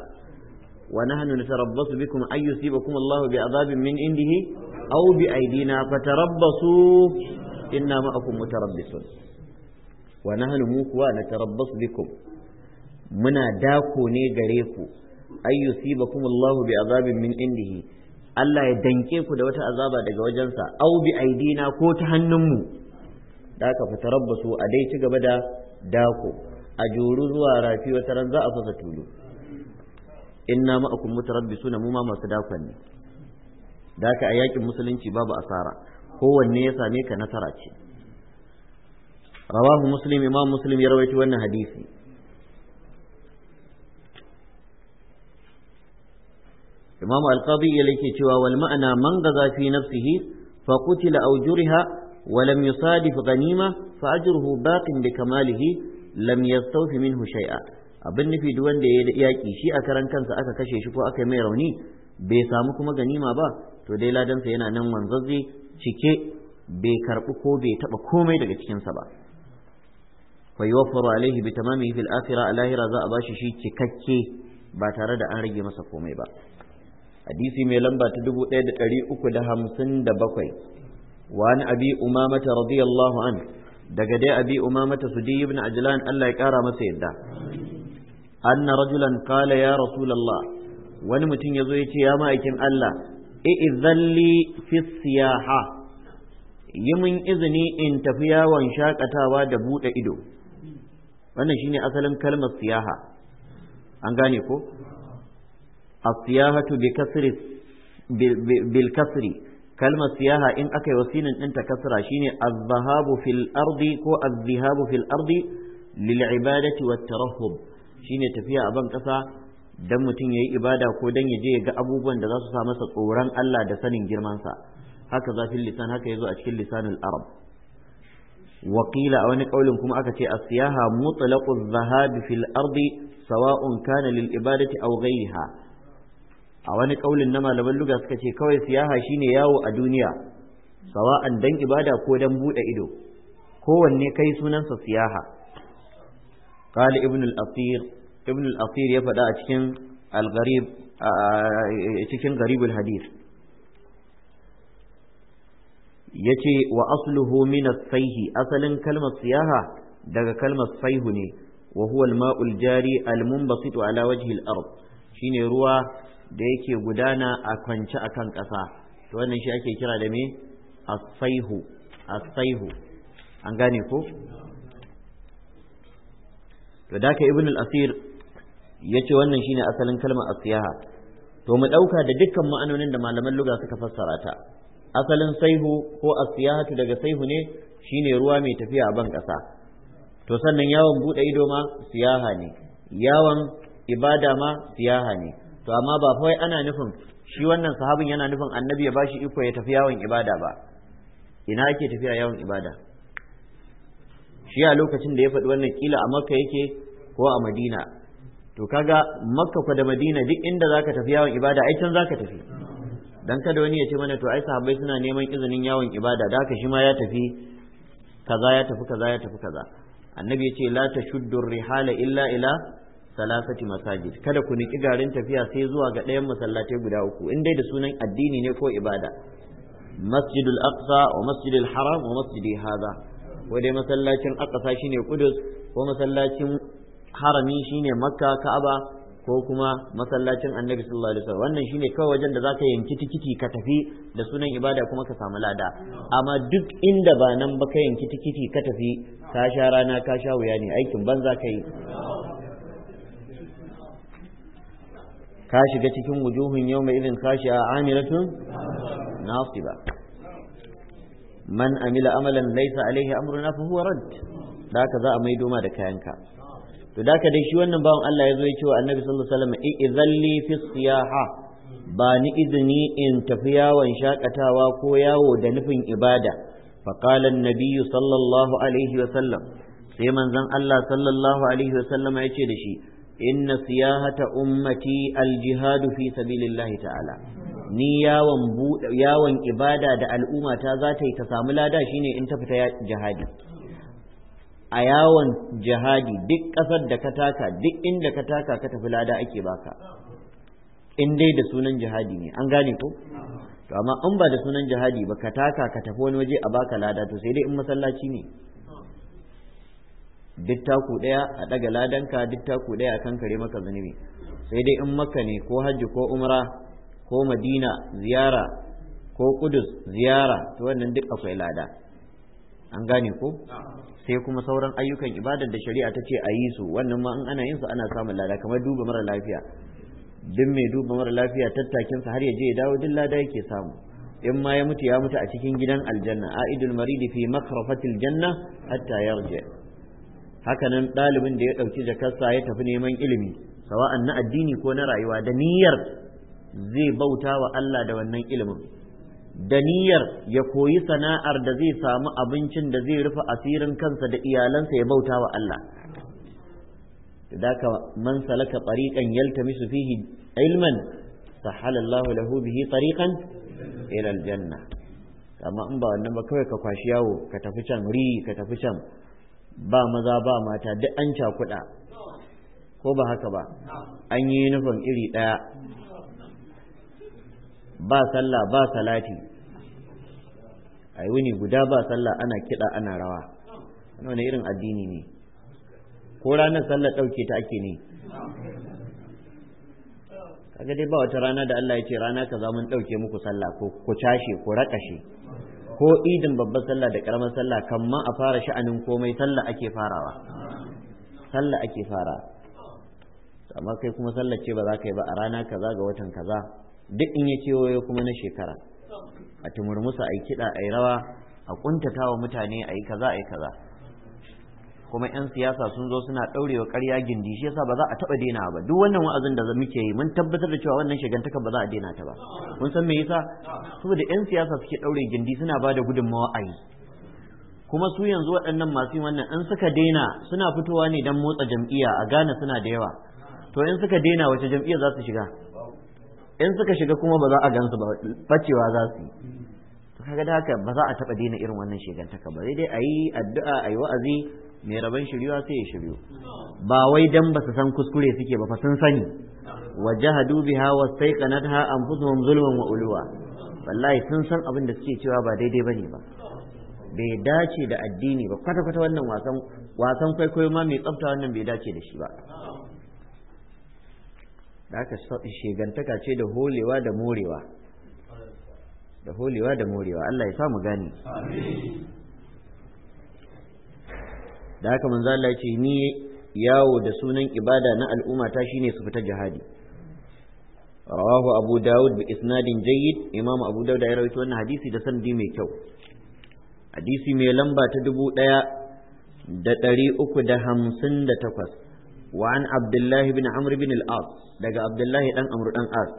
wa nahnu natarabbasu bikum ay yusibakum Allahu bi'adabin min indihi aw bi aidina fatarabbasu inna ma'akum mutarabbisun wa nahnu mu kuwa na tarabbas bikum muna dako ne gare ku ay yusibakum Allah bi azabin min indihi Allah ya danke ku da wata azaba daga wajensa au bi aidina ko ta hannunmu da aka fi tarabbasu a dai ci gaba da dako a juru zuwa rafi wata ran za a fasa tulu inna ma'akum mutarabbisuna mu ma masu dakon ne da a yakin musulunci babu asara kowanne ya same ka nasara ce rawahu muslim imam muslim ya rawaiti wannan hadisi imam al-qadi yake cewa wal ma'ana man gaza fi nafsihi fa qutila aw juriha wa lam yusadif ghanima fa ajruhu baqin bi kamalihi lam yastawfi minhu shay'a abin nufi duk wanda ya yi yaki shi a karan kansa aka kashe shi ko aka mai rauni bai samu kuma ganima ba to dai ladansa yana nan wanzazze cike bai karɓi ko bai taba komai daga cikinsa ba fa yuwaffaru alaihi bi tamamihi fil akhirah alahira za a bashi shi cikakke ba tare da an rage masa komai ba hadisi mai lamba ta dubu وعن da أمامة رضي الله عنه daga dai abi umamata sudi ibn ajlan Allah ya kara masa yadda anna rajulan qala ya rasulullah wani mutum yazo yace ya ma'aikin Allah i'izalli fi siyaha yi mun izini in tafi yawon shakatawa da buɗe ido wannan shine asalin kalmar siyaha an gane ko as bil kasri kalmar siyaha in aka yi wasinin ta kasra shine az-zahabu fil ardi ko az-zihabu fil ardi lil ibadati wat tarahhub shine tafiya a ban kasa dan mutum yayi ibada ko dan ya je ga abubuwan da za su sa masa tsoron Allah da sanin girman sa haka zafin lisan haka yazo a cikin lisanul arab وقيل أو نقول كما أكتي السياحة مطلق الذهاب في الأرض سواء كان للإبادة أو غيرها أو نقول إنما لبلغ أكتي كوي سياحة شين ياو الدنيا سواء دن إبادة كو دن بود إدو كو النكي سنن سياحة قال ابن الأطير ابن الأطير يفدأ تكن الغريب تكن غريب الحديث yace wa asluhu min as asalin kalmar siyaha daga kalmar saihu ne wa huwa al-ma'u jari al-munbasitu ala wajhi al-ard shine ruwa da yake gudana a kwance akan ƙasa to wannan shi ake kira da me as-saihu as-saihu an gane ko to da ka ibn al-asir yace wannan shine asalin kalmar as-siyaha to mu dauka da dukkan ma'anonin da malaman lugha suka fassara ta asalin saihu ko asiyahatu daga saihu ne shine ruwa mai tafiya a ban ƙasa to sannan yawon bude ido ma siyaha ne yawon ibada ma siyaha ne to amma ba wai ana nufin shi wannan sahabin yana nufin annabi ya bashi iko ya tafi yawon ibada ba ina yake tafiya yawon ibada shi a lokacin da ya faɗi wannan kila a makka yake ko a madina to kaga makka ko da madina duk inda zaka tafi yawon ibada ai can zaka tafi dan kada wani ya ce mana to ai sahabbai suna neman izinin yawon ibada da haka shi ma ya tafi kaza ya tafi kaza ya tafi kaza annabi ya ce la tashuddu rihala illa ila salasati masajid kada ku niki garin tafiya sai zuwa ga ɗayan masallatai guda uku in dai da sunan addini ne ko ibada masjidul aqsa wa masjidul haram wa masjidi hada ko dai masallacin aqsa shine kudus ko masallacin harami shine makka ka'aba ko kuma masallacin annabi sallallahu alaihi wasallam wannan shine kawai wajen da zaka yanki tikiti ka tafi da sunan ibada kuma ka samu lada amma duk inda ba nan ba ka yanki tikiti ka tafi ka sha rana ka sha wuya ne aikin banza kai ka shiga cikin wujuhun yau mai irin kashi a amiratun nasiba man amila amalan laysa alaihi amruna fa huwa rad da ka za a maido ma da kayanka to da dai shi wannan bawan Allah ya zo ya ce wa annabi sallallahu alaihi wasallam fi siyaha ba ni izini in tafi yawon shakatawa ko yawo da nufin ibada فقال النبي صلى الله عليه وسلم sai manzon Allah sallallahu alaihi wasallam ya ce da shi inna siyahata ummati aljihadu fi sabilillahi ta'ala ni yawon yawon ibada da al'umma ta za ta yi ta samu lada shine in ta fita jihadi a yawon jihadi duk ƙasar da ka taka duk inda ka taka ka tafi lada ake baka in dai da sunan jihadi ne an gane ko to amma in ba da sunan jihadi ba ka taka ka tafi wani waje a baka lada to sai dai in masallaci ne duk taku ɗaya a ɗaga ladanka duk taku ɗaya a kan kare maka zunubi sai dai in makka ne ko hajji ko umra ko madina ziyara ko kudus ziyara to wannan duk akwai lada an gane ko sai kuma sauran ayyukan ibadar da shari'a ta ce a yi su wannan ma in ana yin su ana samun lada kamar duba mara lafiya duk mai duba mara lafiya tattakinsa har ya je ya dawo duk lada yake samu in ma ya mutu ya mutu a cikin gidan aljanna aidul maridi fi makrafatil janna hatta yarji haka nan ɗalibin da ya ɗauki jakarsa ya tafi neman ilimi sawa'an na addini ko na rayuwa da niyyar zai bauta wa Allah da wannan ilimin da niyyar ya koyi sana'ar da zai samu abincin da zai rufe asirin kansa da iyalansa ya bauta wa Allah ذاك man salaka tariqan yaltamisu fihi ilman سهل الله lahu bihi tariqan ila aljanna Kama in ba wannan ba kawai ka kwashi yawo ka tafi can ri ka tafi can ba maza ba mata duk an cakuɗa ko ba haka ba an yi nufin iri ɗaya ba sallah ba salati a yi wuni guda ba sallah ana kiɗa ana rawa wani irin addini ne ko ranar sallah ɗauke ta ake ne kaga dai ba wata rana da Allah ya ce rana kaza mun ɗauke muku sallah ko ku cashe ko raƙashe ko idin babbar sallah da ƙaramar sallah kamma a fara sha'anin komai sallah ake farawa sallah ake fara amma kai kuma sallah ce ba za ka yi ba a rana kaza ga watan kaza duk in ya kewaye kuma na shekara a tumurmusa a yi kiɗa a yi rawa a ƙuntata wa mutane a yi kaza a yi kaza kuma 'yan siyasa sun zo suna ɗaurewa ƙarya gindi shi yasa ba za a taɓa daina ba duk wannan wa'azin da muke yi mun tabbatar da cewa wannan shigantaka ba za a daina ta ba mun san me yasa saboda 'yan siyasa suke ɗaure gindi suna ba da gudunmawa a yi kuma su yanzu waɗannan masu yin wannan in suka daina suna fitowa ne don motsa jam'iyya a gane suna da yawa to in suka daina wace jam'iyya za su shiga in suka shiga kuma ba za a gansu ba bacewa za su yi kaga da haka ba za a taba daina irin wannan shigantaka ba sai dai a yi addu'a a yi wa'azi mai rabon shiriwa sai ya shiryu ba wai dan ba su san kuskure suke ba fa sun sani wa jahadu biha wastaiqanatha anfusuhum zulman wa ulwa wallahi sun san abin da suke cewa ba daidai bane ba bai dace da addini ba kwata kwata wannan wasan wasan kwaikwayo ma mai tsafta wannan bai dace da shi ba da aka shegantaka ce da holewa da morewa da holewa da morewa Allah ya samu gani da aka manzo Allah ce ni yawo da sunan ibada na al'umma ta shine su fita jihadi rawahu abu daud bi isnadin jayyid Imam abu daud ya rawaito wannan hadisi da sanadi mai kyau hadisi mai lamba ta dubu ɗaya da ɗari uku da hamsin da takwas وعن عبد الله بن عمرو بن العاص دقى عبد الله بن عمرو بن العاص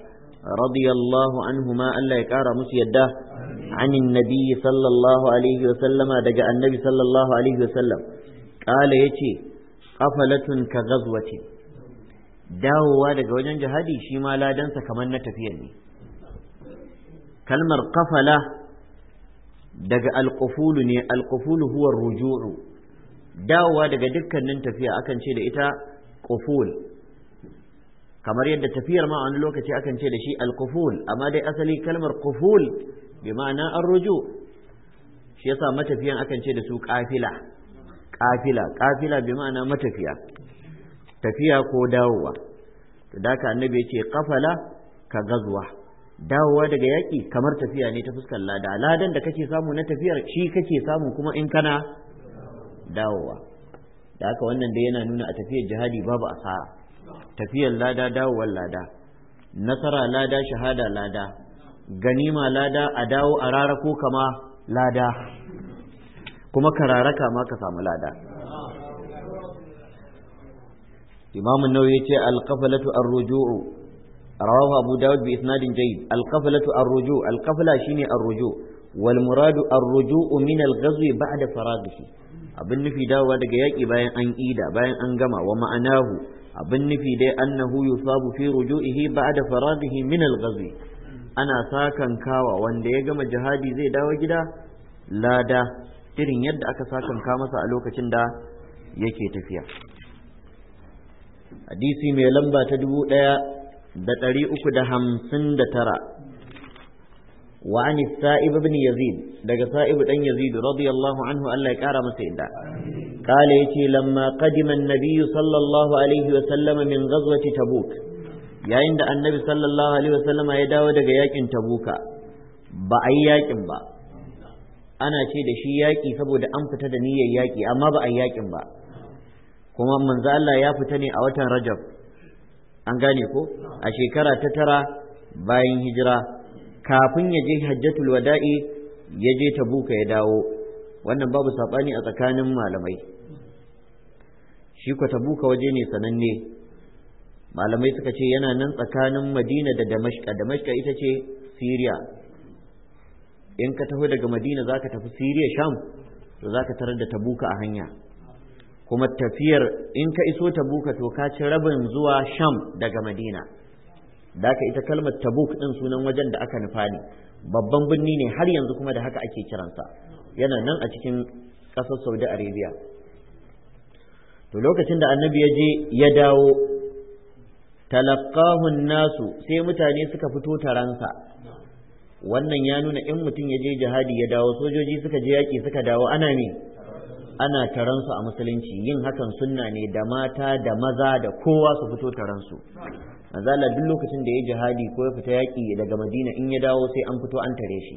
رضي الله عنهما ألا يكارى مسيدة عن النبي صلى الله عليه وسلم دقى النبي صلى الله عليه وسلم قال يتي قفلة كغزوة dawowa daga wajen jihadi shi ma ladansa kamar na tafiya ne kalmar kafala daga alkufulu ne alkufulu huwa ruju'u dawowa daga dukkanin tafiya akan ce da ita alquful kamar yadda tafiyar ma wani lokaci akan ce da shi alquful amma dai asali kalmar quful bi ma'ana ruju shi yasa matafiyan akan ce da su kafila kafila kafila bi ma'ana matafiya tafiya ko dawowa to da ka annabi ce kafala ka gazuwa dawowa daga yaƙi kamar tafiya ne ta fuskar lada ladan da kake samu na tafiyar shi kake samu kuma in kana dawowa da haka wannan da yana nuna a tafiyar jihadi babu asara tafiyar lada dawowar lada nasara lada shahada lada ganima lada a dawo a rara ko kama lada kuma karara kama ka samu lada imam nawawi yace al-qafalatu ar-ruju'u rawahu abu daud bi isnadin jayyid al-qafalatu ar-ruju' al shine ar-ruju' wal muradu ar-ruju'u min al-ghazwi ba'da faraghihi abin nufi dawowa daga yaƙi bayan an ida bayan an gama wa ma'anahu abin nufi dai annahu yusabu fi ruju'ihi ba'da faradihi min al-ghazwi ana sakan kawa wanda ya gama jihadi zai dawo gida lada irin yadda aka sakan ka masa a lokacin da yake tafiya hadisi mai lamba ta dubu ɗaya da ɗari uku da hamsin da tara wa an sa'ib yazid daga sa'ib dan yazid radiyallahu anhu Allah ya kara masa yadda ya ce lamma qadima an-nabiy sallallahu alaihi wa sallam min ghazwati tabuk yayin da annabi sallallahu alaihi wa sallama ya dawo daga yakin tabuka ba a yi yakin ba ana ce da shi yaƙi saboda an fita da niyyar yaƙi amma ba a yi yaƙin ba kuma manzo Allah ya fita ne a watan Rajab an gane ko a shekara ta tara bayan hijira kafin ya je hajjatul wada'i ya je tabuka ya dawo wannan babu saɓani a tsakanin malamai shi ko tabuka waje ne sananne malamai suka ce yana nan tsakanin madina da damashka damashka ita ce siriya in ka taho daga madina za ka tafi siriya sham to za ka tarar da tabuka a hanya kuma tafiyar in ka iso tabuka to ka ci rabin zuwa sham daga madina da haka ita kalmar tabuk ɗin sunan wajen da aka nufa ne babban birni ne har yanzu kuma da haka ake kiransa yana nan a cikin ƙasar saudi arabia to lokacin da annabi ya je ya dawo talakahun nasu sai mutane suka fito taransa wannan ya nuna in mutum ya je jihadi ya dawo sojoji suka je yaƙi suka dawo ana ne ana taransu a musulunci yin hakan sunna ne da mata da maza da kowa su fito taransu manzala duk lokacin da ya jihadi ko ya fita yaƙi daga madina in ya dawo sai an fito an tare shi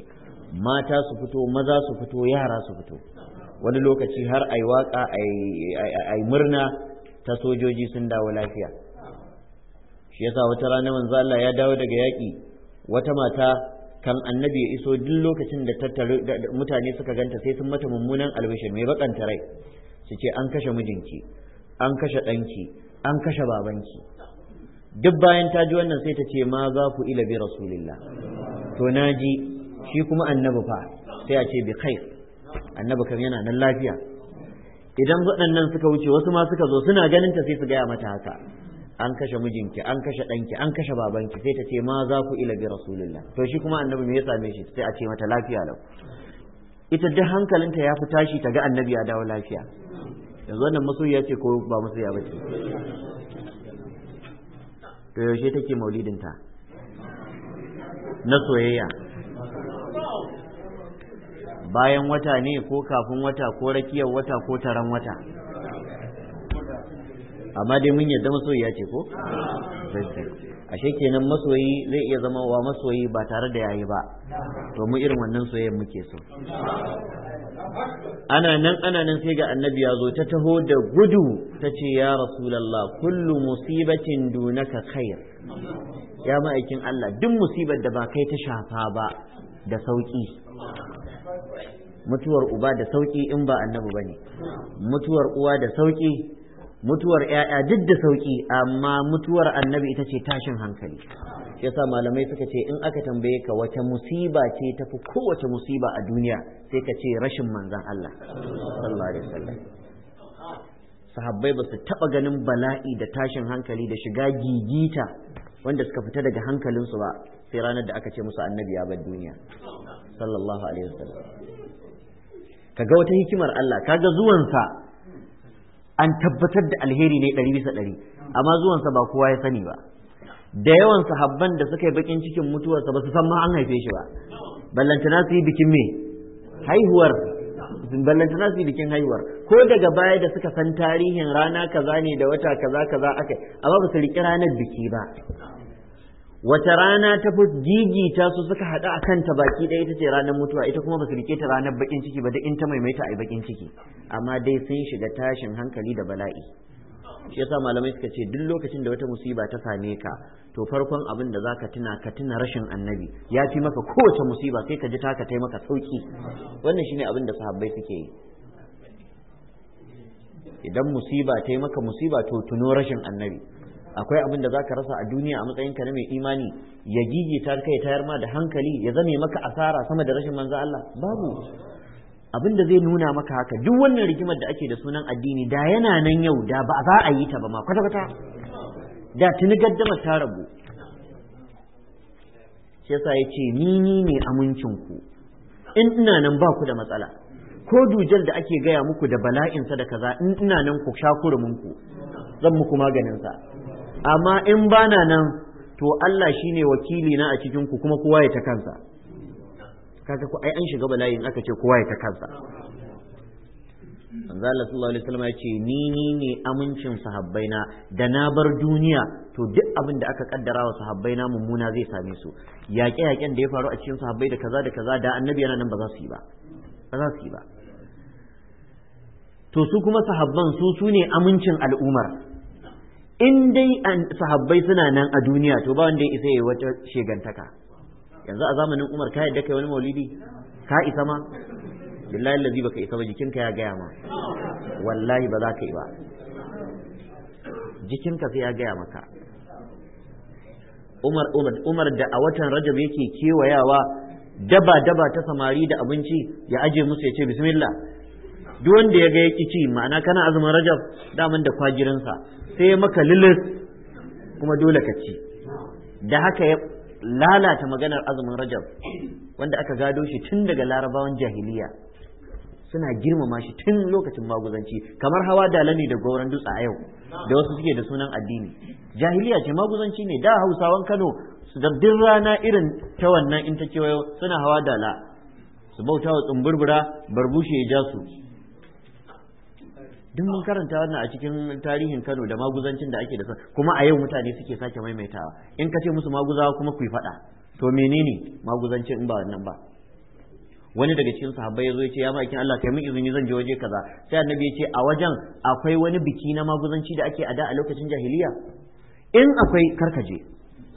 mata su fito maza su fito yara su fito wani lokaci har ai waka ai murna ta sojoji sun dawo lafiya shi yasa wata rana manzo Allah ya dawo daga yaƙi wata mata kan annabi ya iso duk lokacin da mutane suka ganta sai sun mata mummunan albishir mai bakanta rai su ce an kashe mijinki an kashe ɗanki an kashe babanki duk bayan ta ji wannan sai ta ce ma za ku ila bi rasulillah to na ji shi kuma annabi fa sai a ce bi khair annabi kan yana nan lafiya idan waɗannan suka wuce wasu ma suka zo suna ganin ta sai su gaya mata haka an kashe mijinki an kashe ɗanki an kashe babanki sai ta ce ma za ku ila bi rasulillah to shi kuma annabi me ya same shi sai a ce mata lafiya lau ita duk hankalinta ya fi tashi ta ga annabi ya dawo lafiya yanzu wannan masoyiya ce ko ba masoyi ba ce to yaushe take maulidinta na soyayya bayan wata ne ko kafin wata ko rakiyar wata ko taron wata amma dai mun yadda ya ce ko? ashe kenan masoyi zai iya zama wa masoyi ba tare da yayi ba to mu irin wannan soyayya muke so ana nan ana nan sai ga annabi ya zo ta taho da gudu ta ce ya rasulallah kullu musibatin dunaka khair ya ma'aikin Allah duk musibar da ba kai ta shafa ba da sauki mutuwar uba da sauki in ba annabi bane mutuwar uwa da sauki mutuwar ‘ya'ya duk da sauƙi amma mutuwar annabi ita ce tashin hankali Ya yasa malamai suka ce in aka tambaye ka wata musiba ce ta fi kowace musiba a duniya sai ka ce rashin manzan Allah sallallahu alaihi wasallam sahabbai ba su taɓa ganin bala'i da tashin hankali da shiga gigita wanda suka fita daga hankalinsu ba sai ranar da aka ce musu annabi ya bar duniya sallallahu alaihi wasallam kaga wata hikimar Allah ka kaga zuwansa an tabbatar da alheri ne ɗari bisa ɗari amma zuwansa ba kowa ya sani ba da yawan sahabban da suka yi bakin cikin mutuwarsa ba su san ma an haife shi ba ballantana su yi bikin me haihuwar ballantana su yi bikin haihuwar ko daga baya da suka san tarihin rana kaza ne da wata kaza kaza aka amma ba su riƙi ranar biki ba wata rana ta fi gigita su suka haɗu a kanta baki ɗaya ita ce ranar mutuwa ita kuma ba su rike ta ranar bakin ciki ba da in ta maimaita a bakin ciki amma dai sun shiga tashin hankali da bala'i shi yasa malamai suka ce duk lokacin da wata musiba ta same ka to farkon abin da zaka tuna ka tuna rashin annabi ya fi maka kowace musiba sai ka ji taka tai maka sauki wannan shine abin da sahabbai suke yi idan musiba ta maka musiba to tuno rashin annabi akwai abin da zaka rasa a duniya a matsayin ka na mai imani ya gigita kai tayar ma da hankali ya zame maka asara sama da rashin manzo Allah babu abin da zai nuna maka haka duk wannan rigimar da ake da sunan addini da yana nan yau da ba za a yi ta ba ma kwata kwata da tuni gaddama ta rabu shi yasa yace ni ni ne amincin ku in ina nan ba ku da matsala ko dujal da ake gaya muku da sa da kaza in ina nan ku sha kurumin ku zan muku maganin sa amma in bana nan to Allah shine wakili na a cikin ku kuma kowa ya ta kansa kaga ku ai an shiga bala'in aka ce kowa ya ta kansa manzo Allah sallallahu alaihi wasallam ya ce ni ni ne amincin sahabbaina da na bar duniya to duk abin da aka kaddara wa sahabbaina mummuna zai same su yaƙe yaƙen da ya faru a cikin sahabbai da kaza da kaza da annabi yana nan ba za su yi ba ba za su yi ba to su kuma sahabban su su ne amincin al'umar in dai an sahabbai suna nan a duniya to ba wanda ya isa ya wata shegantaka yanzu a zamanin Umar ka yadda kai wani maulidi ka isa ma billahi lazi baka isa ba jikinka ya gaya ma wallahi ba za ka yi ba jikinka sai ya gaya maka Umar Umar Umar da a watan Rajab yake kewayawa daba daba ta samari da abinci ya aje musu ya ce bismillah duk wanda ya ga yaki ci ma'ana kana azumin Rajab daman da kwajirinsa sai maka lilis kuma dole ka ci da haka ya lalata maganar azumin rajab wanda aka gado shi tun daga larabawan jahiliya suna girmama shi tun lokacin maguzanci kamar hawa dalani da gauran dutsa a yau da wasu suke da sunan addini jahiliya ce maguzanci ne da hausawan kano su dabbin rana irin ta wannan in ta kewayo suna hawa dala su bauta wa tsumburbura barbushe ya ja su duk mun karanta wannan a cikin tarihin Kano da maguzancin da ake da kuma a yau mutane suke sake maimaitawa in ka ce musu maguzawa kuma ku yi faɗa to menene maguzanci in ba wannan ba wani daga cikin sahabbai yazo yace ya ma'aikin Allah kai mun izini zan je waje kaza sai annabi ce, a wajen akwai wani biki na maguzanci da ake ada a lokacin jahiliya in akwai karkaje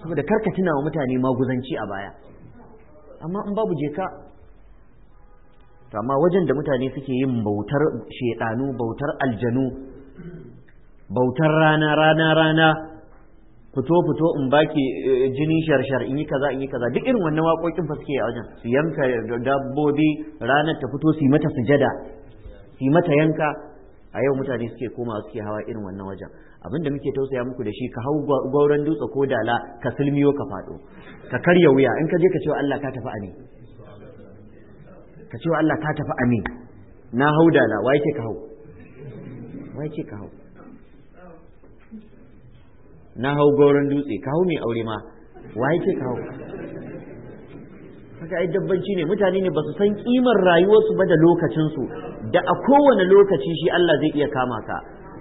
saboda karka tuna wa mutane maguzanci a baya amma in babu je ka to amma wajen da mutane suke yin bautar shedanu bautar aljanu bautar rana rana rana fito fito in baki eh, jini shar-shar, in yi kaza in yi kaza duk irin wannan waƙoƙin fa suke a wajen su yanka dabbobi ranar ta fito su yi mata sujada su yi mata yanka a yau mutane suke koma suke hawa irin wannan wajen abin da muke tausaya muku da shi ka hau gauran dutse ko dala ka silmiyo ka faɗo ka karya wuya in ka je ka ce Allah ka tafi a ne ka ce wa Allah ka tafi amin na hau da wa yake ka hau wa ka hau na hau goron dutse ka hau mai aure ma wa yake ka hau haka ai dabbanci ne mutane ne ba su san kimar rayuwarsu ba da lokacinsu da a kowane lokaci shi Allah zai iya kama ka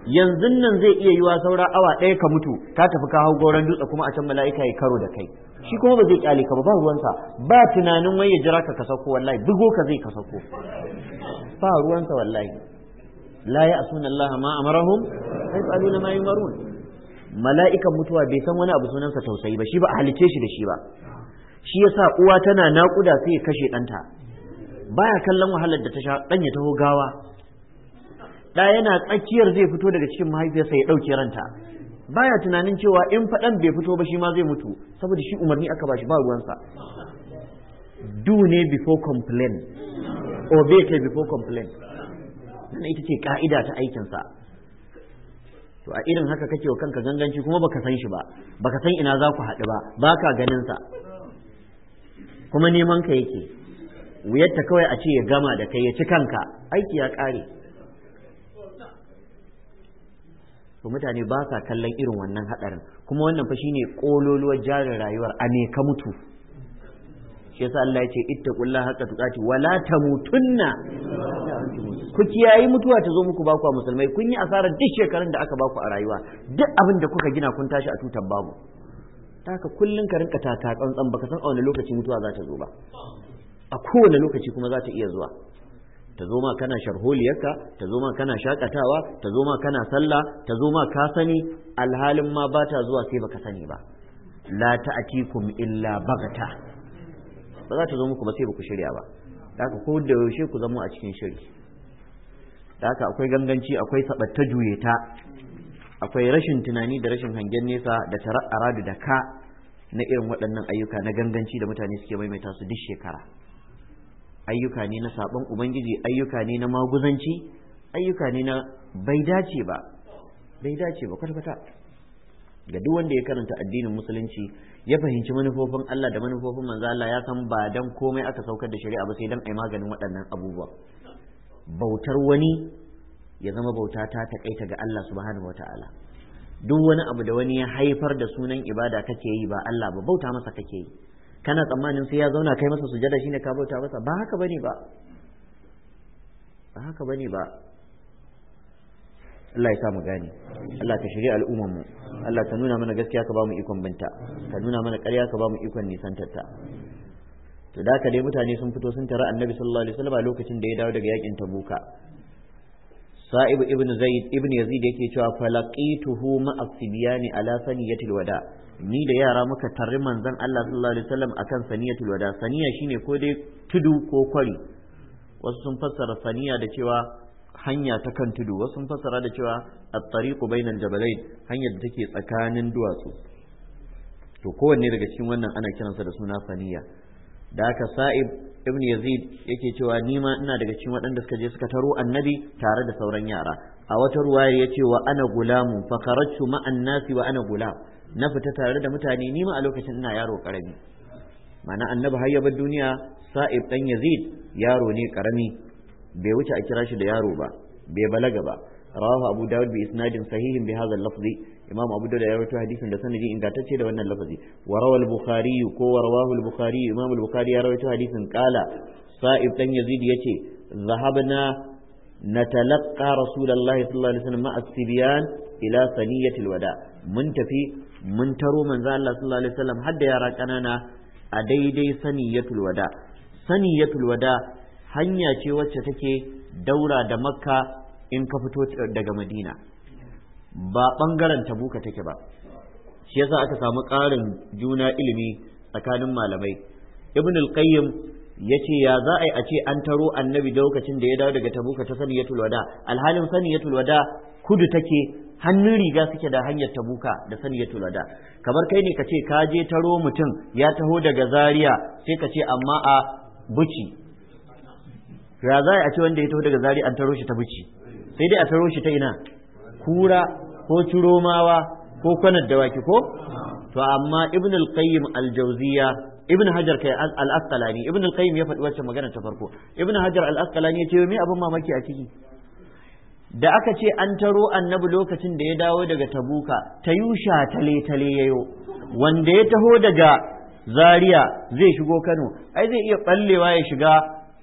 yanzu nan zai iya yiwa saura awa ɗaya ka mutu ka tafi ka hau goron dutse kuma a can mala'ika ya karo da kai shi kuma ba zai kyale ka ba ruwansa ba tunanin wai ya jira ka ka sauko wallahi bugo ka zai ka sauko ba ruwansa wallahi la asuna Allah ma amarahum sai na ma yumarun mala'ikan mutuwa bai san wani abu sunansa tausayi ba shi ba a halice shi da shi ba shi yasa uwa tana naƙuda sai ya kashe ɗanta baya kallon wahalar da ta sha ɗan ya taho gawa Da yana tsakiyar zai fito daga cikin mahaifiyarsa ya ɗauke ranta baya tunanin cewa in faɗan bai fito ba shi ma zai mutu saboda shi umarni aka ba shi ba ruwansa do ne before complain obey ke before complain nan ita ce ka'ida ta aikinsa to a irin haka kake wa kanka ganganci kuma baka san shi ba baka san ina za ku haɗu ba ka ganin sa kuma neman ka yake wuyarta kawai a ce ya gama da kai ya ci kanka aiki ya ƙare to mutane ba sa kallon irin wannan hadarin kuma wannan fa shine kololuwar jarin rayuwar a ne ka mutu shi yasa Allah ya ce ittaqullaha haqqa tuqati wa la tamutunna ku kiyayi mutuwa ta zo muku ba ku musulmai kun yi asarar duk shekarun da aka ba ku a rayuwa duk abin da kuka gina kun tashi a tutar babu haka kullun ka rinka taka tsantsan baka san a wani lokaci mutuwa za ta zo ba a kowane lokaci kuma za ta iya zuwa ta zo ma kana sharholiyarka ta zo ma kana shakatawa ta zo ma kana sallah ta zo ma ka sani alhalin ma ba ta zuwa sai baka sani ba la ta'tikum illa bagata ba za ta zo muku ba sai baku shirya ba haka ko da yaushe ku zama a cikin shiri haka akwai ganganci akwai sabatta juyeta akwai rashin tunani da rashin hangen nesa da tara'ara da ka na irin waɗannan ayyuka na ganganci da mutane suke maimaita su duk shekara ayyuka ne na saban ubangiji ayyuka ne na maguzanci ayyuka ne na bai dace ba bai dace ba kwata-kwata ga duk wanda ya karanta addinin musulunci ya fahimci manufofin Allah da manufofin manzo Allah ya san ba dan komai aka saukar da shari'a ba sai dan ai maganin waɗannan abubuwa bautar wani ya zama bauta ta taƙaita ga Allah subhanahu wataala duk wani abu da wani ya haifar da sunan ibada kake yi ba Allah ba bauta masa kake yi kana tsammanin sai ya zauna kai masa sujada shine ka bauta masa ba haka bane ba ba haka bane ba Allah ya sa mu gane Allah ta shirya al'umman mu Allah ta nuna mana gaskiya ka ba mu ikon binta ka nuna mana ƙarya ka ba mu ikon nisan tatta to da ka dai mutane sun fito sun tara annabi sallallahu alaihi wasallam lokacin da ya dawo daga yakin tabuka sa'ib ibn zaid ibn yazid yake cewa falaqituhu ma'asibiyani ala saniyatil wada' ni da yara muka tarri manzon Allah sallallahu alaihi wasallam akan saniyatul wada saniya shine ko dai tudu ko kwari wasu sun fassara saniya da cewa hanya ta kan tudu wasu sun fassara da cewa at-tariqu bainal jabalain hanyar da take tsakanin duwatsu to kowanne daga cikin wannan ana kiransa da suna saniya da haka sa'ib ibn yazid yake cewa ni ma ina daga cikin waɗanda suka je suka taro annabi tare da sauran yara a wata ruwaya yace wa ana gulamu fa kharajtu ma'an nasi wa ana gulam na fita tare da mutane ni ma a lokacin ina yaro karami mana annabi har yabar duniya sa'ib dan yazid yaro ne karami bai wuce a kira shi da yaro ba bai balaga ba rawahu abu dawud bi isnadin sahihin bi hadha lafzi imam abu dawud ya rawaito hadisin da sanadi ingantacce da wannan lafazi wa rawal bukhari ko wa rawahu al bukhari imam al bukhari ya rawaito hadisin qala sa'ib dan yazid yace zahabna نتلقى رسول الله صلى الله عليه وسلم مع الصبيان إلى ثنية الوداع من تفي mun taro manzo Allah sallallahu alaihi wasallam har yara kanana a daidai saniyatul wada saniyatul wada hanya ce wacce take daura da makka in ka fito daga madina ba bangaren tabuka take ba shi yasa aka samu ƙarin juna ilimi tsakanin malamai ibn qayyim yace ya za a yi a ce an taro annabi da lokacin da ya dawo daga tabuka ta saniyatul wada alhalin saniyatul wada kudu take hannun riga suke da hanyar tabuka da saniyatul tulada kamar kai ne ka ce ka je taro mutum ya taho daga zaria sai ka ce amma a buci ya za a ce wanda ya taho daga zaria an taro shi ta buci sai dai a taro shi ta ina kura ko turomawa ko kwanar waki ko to amma ibn al-qayyim al-jawziya ibn hajar kai al-asqalani ibn al-qayyim ya faɗi wacce magana ta farko ibn hajar al-asqalani ya ce me abin mamaki a ciki da aka ce an taro annabi lokacin da ya dawo daga tabuka ta yusha tale-tale yayo wanda ya taho daga Zariya zai shigo kano ai zai iya ɓallewa ya shiga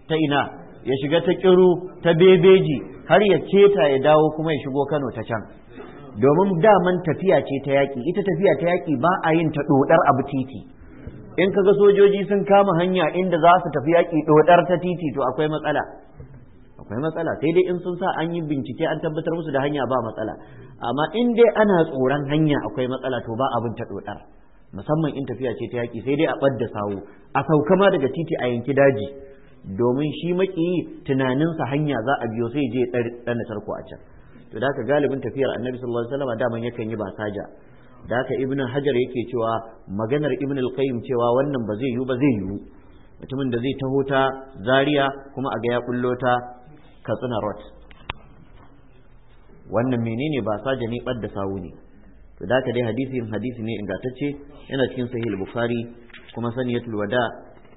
ta ina ya shiga ta kiru ta bebeji har ya ceta ya dawo kuma ya shigo kano ta can domin daman tafiya ce ta yaƙi ita tafiya ta yaƙi ba a yin ta ɗodar abu titi in kaga sojoji sun kama hanya inda za su tafi yaƙi ɗodar ta titi to akwai matsala akwai matsala sai dai in sun sa an yi bincike an tabbatar musu da hanya ba matsala amma in dai ana tsoron hanya akwai matsala to ba abin ta dodar musamman in tafiya ce ta yaki sai dai a ɓadda sawo a sauka ma daga titi a yanki daji domin shi tunanin tunaninsa hanya za a biyo sai je ɗan tarko a can to da ka galibin tafiyar annabi sallallahu alaihi wasallam daman yakan yi ba saja da ka ibn hajar yake cewa maganar ibn al-qayyim cewa wannan ba zai yiwu ba zai yiwu mutumin da zai taho ta Zariya kuma a ga ya kullo ta katsina rot wannan menene ba saja ne ɓad da sawu ne to da dai yin hadisi ne ingantacce yana cikin sahih bukhari kuma saniyatul wada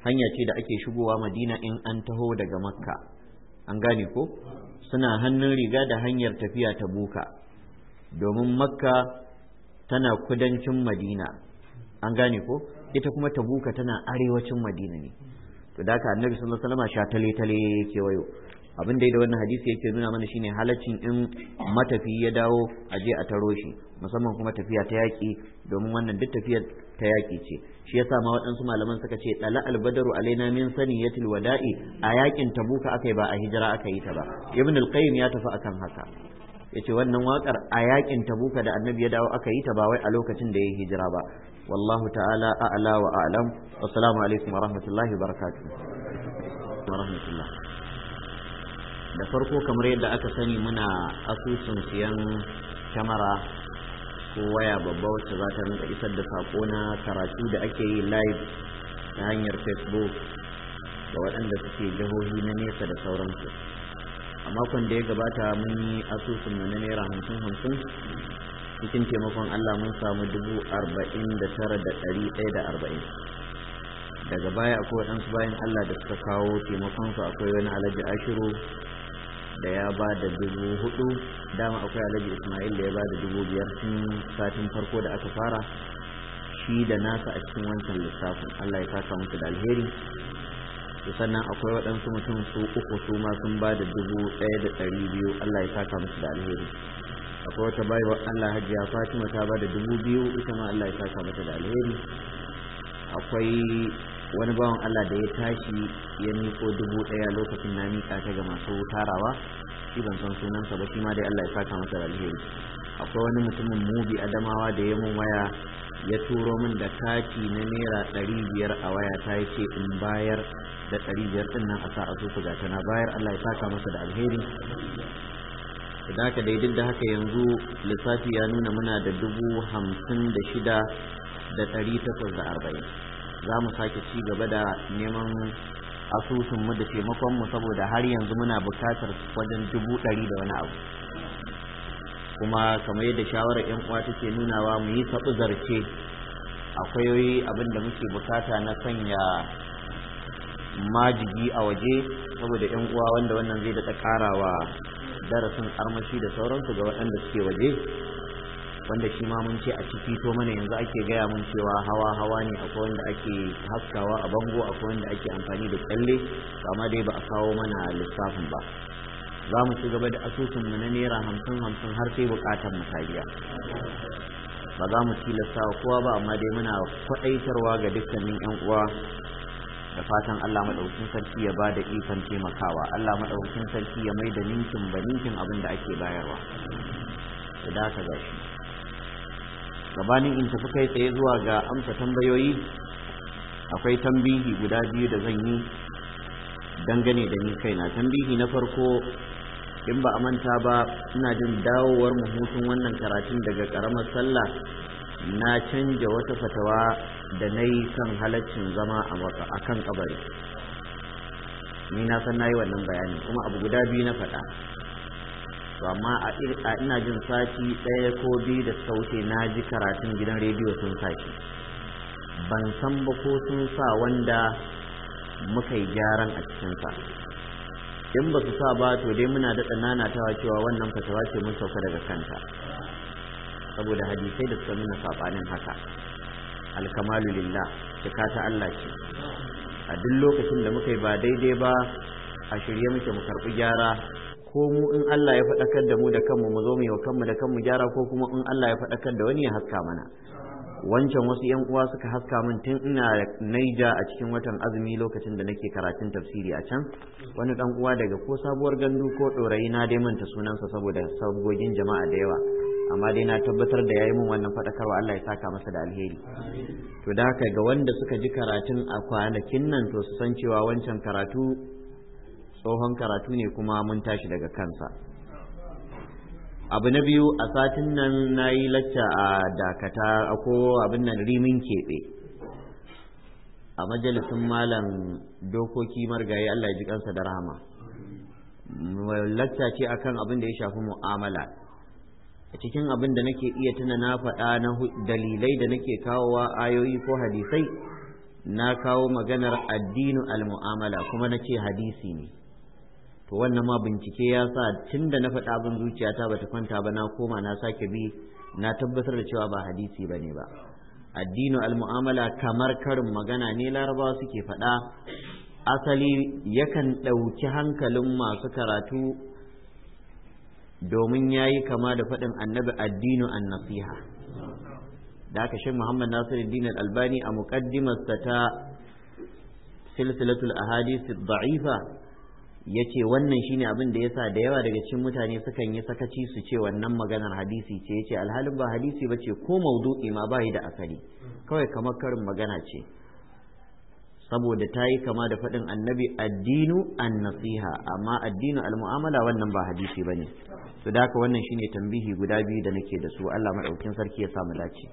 hanya ce da ake shigowa madina in an taho daga makka an gane ko suna hannun riga da hanyar tafiya ta buka domin makka tana kudancin madina an gane ko ita kuma tabuka tana arewacin madina ne to da haka annabi sallallahu alaihi wasallam sha tale tale wayo. abin da da wannan hadisi yake nuna mana shine halaccin in matafi ya dawo a je a taro shi musamman kuma tafiya ta yaƙi domin wannan duk tafiyar ta yaƙi ce shi yasa ma waɗansu malaman suka ce dala albadaru alaina min saniyatil wada'i a yaƙin tabuka akai ba a hijira aka yi ta ba ibn al ya tafi akan haka yace wannan wakar a yaƙin tabuka da annabi ya dawo aka yi ta ba wai a lokacin da ya yi hijira ba wallahu ta'ala a'la wa a'lam assalamu alaikum wa rahmatullahi wa barakatuh da farko kamar yadda aka sani muna asusun siyan kyamara ko waya babba wacce za ta rinka isar da sako na karatu da ake yi live ta hanyar facebook da waɗanda suke jihohi na nesa da sauransu a makon da ya gabata mun yi asusun mu na naira hamsin hamsin cikin taimakon allah mun samu dubu arba'in da tara da ɗari ɗaya da arba'in daga baya akwai waɗansu bayan allah da suka kawo taimakonsu akwai wani alhaji ashiru da ya ba da dubu hudu dama akwai alhaji ismail da ya ba da dubu biyar tun satin farko da aka fara shi da nasa a cikin wancan lissafin allah ya saka musu da alheri sannan akwai waɗansu mutum su uku su ma sun ba da dubu ɗaya da ɗari biyu allah ya saka musu da alheri akwai wata baiwa allah hajiya fatima ta ba da dubu biyu ita ma allah ya saka musu da alheri akwai wani bawan Allah da ya tashi ya miko dubu ɗaya lokacin na miƙa ta ga masu tarawa shi ban san sunansa ba shi ma dai Allah ya saka masa alheri akwai wani mutumin mubi adamawa da ya mun waya ya turo min da kati na naira ɗari biyar a waya ta ya ce in bayar da ɗari biyar ɗin nan a sa a ku ga bayar Allah ya saka masa da alheri da haka dai duk da haka yanzu lissafi ya nuna muna da dubu hamsin da shida da ɗari takwas da arba'in za mu sake ci gaba da neman asusun mu da taimakon mu saboda har yanzu muna bukatar wajen dubu ɗari da wani abu kuma kamar yadda shawarar yan uwa take nunawa mu yi sabu zarce akwai abin da muke bukata na sanya majigi a waje saboda yan uwa wanda wannan zai da ƙarawa darasin armashi da sauransu ga waɗanda suke waje wanda shi ma mun ce a ciki to mana yanzu ake gaya mun cewa hawa hawa ne akwai wanda ake haskawa a bango akwai wanda ake amfani da tsalle amma dai ba a kawo mana lissafin ba za mu ci gaba da asusun mu na naira hamsin hamsin har sai bukatar mu ta ba za mu tilasta wa kowa ba amma dai muna kwaɗaitarwa ga dukkanin yan uwa da fatan Allah madaukakin sarki ya bada ikon taimakawa Allah madaukakin sarki ya mai da ninkin ba ninkin abin da ake bayarwa da ka gashi gabanin in tafi kai tsaye zuwa ga amsa tambayoyi akwai tambihi guda biyu da zan yi dangane da ni kaina tambihi na farko in ba a manta ba ina jin dawowar mu hutun wannan karatun daga karamar sallah na canja wata fatawa da na yi kan halaccin zama a kan kabari ni na san na yi wannan bayani kuma abu guda biyu na faɗa amma a ina jin sati ɗaya ko biyu da suka wuce na ji karatun gidan rediyo sun sa ban san ba ko sun sa wanda muka yi gyaran a cikinsa in ba su sa ba to dai muna daɗa nanatawa cewa wannan fatawa ce mun sauka daga kanta saboda hadisai da suka nuna saɓanin haka alkamalu lillah cika ta Allah ce a duk lokacin da muka yi ba daidai ba a shirye muke mu karɓi gyara ko mu in Allah ya faɗakar da mu da kanmu mu zo mu yi wa kanmu da kanmu gyara ko kuma in Allah ya faɗakar da wani ya haska mana wancan wasu yan uwa suka haska min tun ina naija a cikin watan azumi lokacin da nake karatun tafsiri a can wani dan uwa daga ko sabuwar gandu ko ɗorayi na dai manta sunansa saboda sabogin jama'a da yawa amma dai na tabbatar da yayi min wannan faɗakarwa Allah ya saka masa da alheri to da haka ga wanda suka ji karatun a kwanakin nan to su san cewa wancan karatu tsohon karatu ne kuma mun tashi daga kansa abu na biyu a satin nan na yi lacca a dakata ko abin nan rimin keɓe a majalisun malam dokoki margaye allah ji kansa da rahama lacca ce akan abin da ya shafi mu'amala a cikin abin da nake iya tuna na faɗa na dalilai da nake kawowa ayoyi ko hadisai na kawo maganar addinu al-mu'amala kuma na ce hadisi ne to wannan ma bincike ya sa tun da na faɗa abin zuciyata ba ta kwanta ba na koma na sake bi na tabbatar da cewa ba hadisi ba ne ba addinu almu'amala kamar karin magana ne larabawa suke faɗa asali yakan ɗauki hankalin masu karatu domin ya yi kama da faɗin annabi addinu an nasiha da aka shi muhammad dinar albani a muƙaddimarsa ta silsilatul ahadisi da'ifa ya ce wannan shine abin da yasa da yawa daga cikin mutane sukan yi sakaci su ce wannan maganar hadisi ce ya ce alhalin ba hadisi ba ce ko maudu'i ma ba da asali kawai kamar karin magana ce saboda ta yi kama da faɗin annabi addinu an nasiha amma addinu al-mu'amala wannan ba hadisi ba ne su daka haka wannan shine tambihi guda biyu da nake da su allah maɗaukin sarki ya samu dace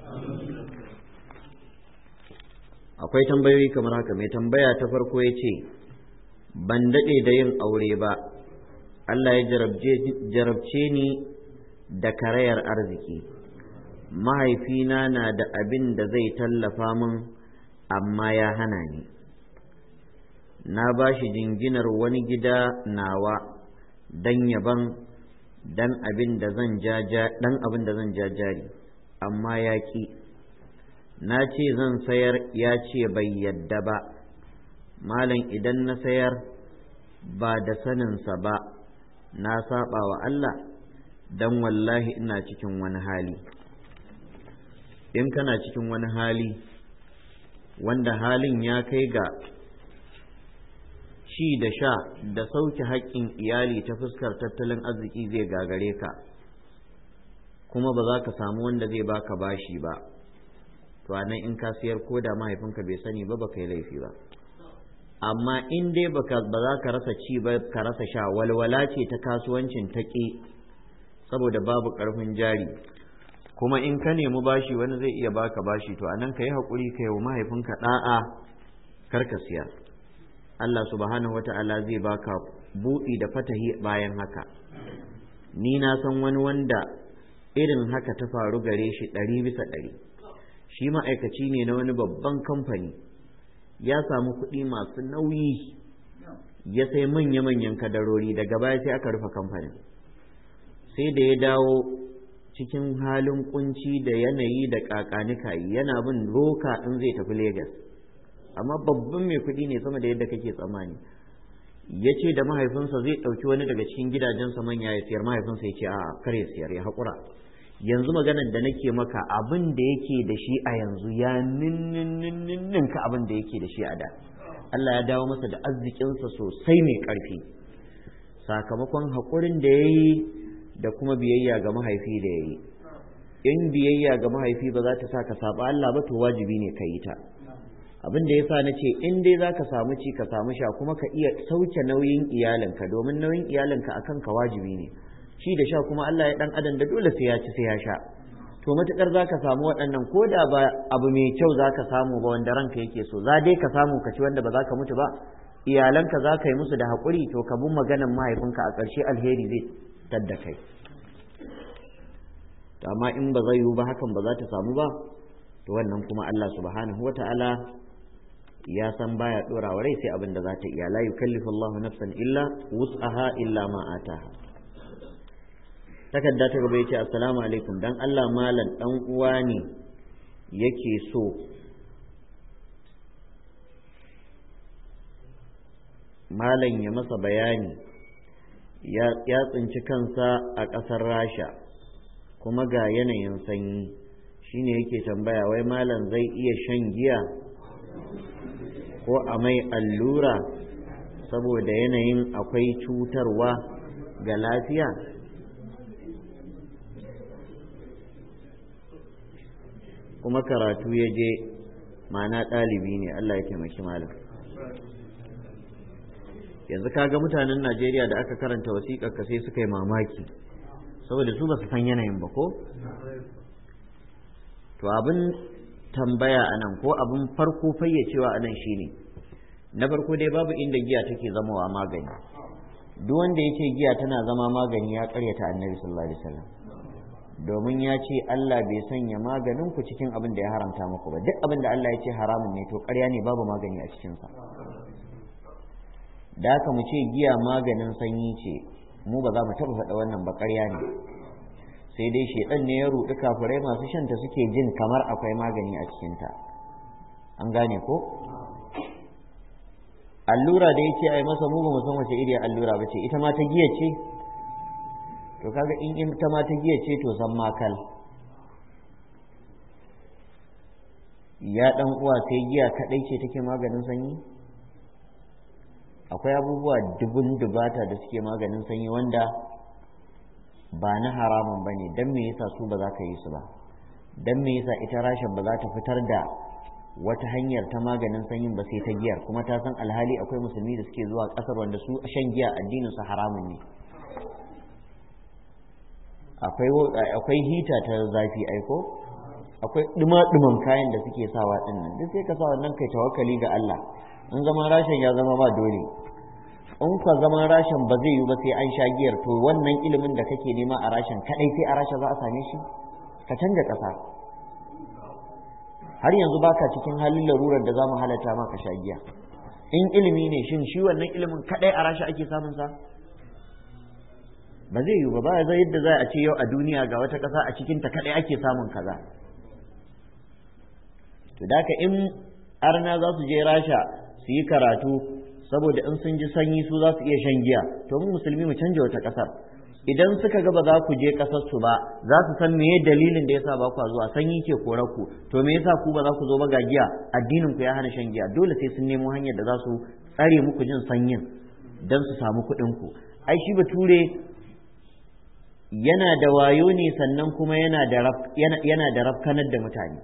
akwai tambayoyi kamar haka mai tambaya ta farko ya ce ban daɗe da yin aure ba Allah ya jarabce ni da karayar arziki mahaifina na da abin da zai tallafa min amma ya hana ni na ba shi jinginar wani gida nawa don yaban dan abin da zan jajari amma ya ki na ce zan sayar ya ce bai yadda ba malam idan na sayar ba da saninsa ba na saba wa Allah dan wallahi ina cikin wani hali in kana cikin wani hali wanda halin ya kai ga ci da sha da sauke haƙƙin iyali ta fuskar tattalin arziki zai gagare ka kuma ba za ka samu wanda zai baka bashi ba to nan in ka siyar ko da mahaifinka bai sani ba ba kai laifi ba amma in dai baka ba za ka rasa ci ba ka rasa sha walwala ce ta kasuwancin ta saboda babu ƙarfin jari kuma in ka nemi bashi wani zai iya baka bashi to anan ka yi haƙuri ka yi wa mahaifinka ɗa'a kar ka siya Allah subhanahu wata'ala zai baka buɗi da fatahi bayan haka ni na san wani wanda irin haka ta faru gare shi ɗari bisa ɗari shi ma'aikaci ne na wani babban kamfani ya samu kuɗi masu nauyi ya sai manya-manyan kadarori daga baya sai aka rufe kamfanin sai da ya dawo cikin halin kunci da yanayi da kakanika yana bin roka in zai tafi Legas amma babban mai kuɗi ne sama da yadda kake tsammani ya ce da mahaifinsa zai ɗauki wani daga cikin gidajensa manya ya siyar mahaifinsa ya ce a kare siyar ya haƙura yanzu maganan da nake maka abin da yake da shi a yanzu ya ninka abin da yake da shi a da Allah ya dawo masa da arzikinsa sosai mai ƙarfi sakamakon haƙurin da ya yi da kuma biyayya ga mahaifi da ya yi in biyayya ga mahaifi ba za ta sa ka saba Allah ba to wajibi ne ka yi ta abin da ya sa na ce in dai za ka samu ci ka samu sha kuma ka iya sauke nauyin iyalinka domin nauyin iyalinka akan ka wajibi ne ci da sha kuma Allah ya dan adam da dole sai ya ci sai ya sha to matukar zaka samu waɗannan ko da ba abu mai kyau zaka samu ba wanda ranka yake so za dai ka samu ka ci wanda ba zaka mutu ba iyalanka za ka yi musu da haƙuri to ka bin maganan mahaifinka a ƙarshe alheri zai tadda kai to amma in ba zai yiwu ba hakan ba za ta samu ba to wannan kuma Allah subhanahu wata'ala ya san baya ɗorawa rai sai abin da za ta iya la yukallifu Allahu nafsan illa wus'aha illa ma ataha takarda ta gaba yace assalamu alaikum dan Allah malam dan uwa ne yake so malam ya masa bayani ya tsinci kansa a ƙasar rasha kuma ga yanayin sanyi shine yake tambaya wai malam zai iya shan giya ko a mai allura saboda yanayin akwai cutarwa ga lafiya kuma karatu ya je ma'ana ɗalibi ne Allah ya taimaki malam yanzu kaga mutanen Najeriya da aka karanta wasiƙar ka sai suka yi mamaki saboda su ba su san yanayin ba ko to abin tambaya anan ko abin farko fayyacewa anan shine na farko dai babu inda giya take zama wa magani duk wanda ya giya tana zama magani ya karyata annabi sallallahu alaihi wasallam domin ya ce Allah bai sanya maganin ku cikin abin da ya haramta muku ba duk abin da Allah ya ce haramun ne to ƙarya ne babu magani a cikinsa da haka mu ce giya maganin sanyi ce mu ba za mu taɓa faɗa wannan ba ƙarya ne sai dai shedan ne ya ruɗi kafirai masu shanta suke jin kamar akwai magani a cikinta an gane ko allura da yake ai masa mu ba mu san wace iri allura ba ce ita ma ta giya ce to kaga in in ta ma giya ce to zan makal ya dan uwa sai giya kadai ce take maganin sanyi akwai abubuwa dubun dubata da suke maganin sanyi wanda ba na haramun bane dan me yasa su ba za ka yi su ba dan me yasa ita rashin ba za ta fitar da wata hanyar ta maganin sanyin ba sai ta giyar kuma ta san alhali akwai musulmi da suke zuwa kasar wanda su shan giya addinin su haramun ne akwai hita ta zafi aiko akwai duma kayan da suke sawa din nan duk sai ka sa wannan kai tawakkali ga Allah in zaman rashin ya zama ba dole in ka zaman rashin ba zai yi ba sai an sha giyar to wannan ilimin da kake nema a rashin kadai sai a rashin za a same shi ka canja kasa har yanzu baka cikin halin larurar da za mu halatta maka sha giya in ilimi ne shin shi wannan ilimin kadai a rashin ake samun sa ba zai yiwu ba ba zai yadda za a ce yau a duniya ga wata ƙasa a cikin ta kaɗai ake samun kaza to da in arna za su je rasha su yi karatu saboda in sun ji sanyi su za su iya shan giya to mu musulmi mu canja wata ƙasar idan suka ga ba za ku je ƙasar su ba za su san meye dalilin da yasa ba ku zuwa sanyi ke korar ku to me yasa ku ba za ku zo ba ga giya addinin ku ya hana shan giya dole sai sun nemo hanyar da za su tsare muku jin sanyin dan su samu kuɗin ku ai shi bature yana da wayo ne sannan kuma yana da rafkanar da mutane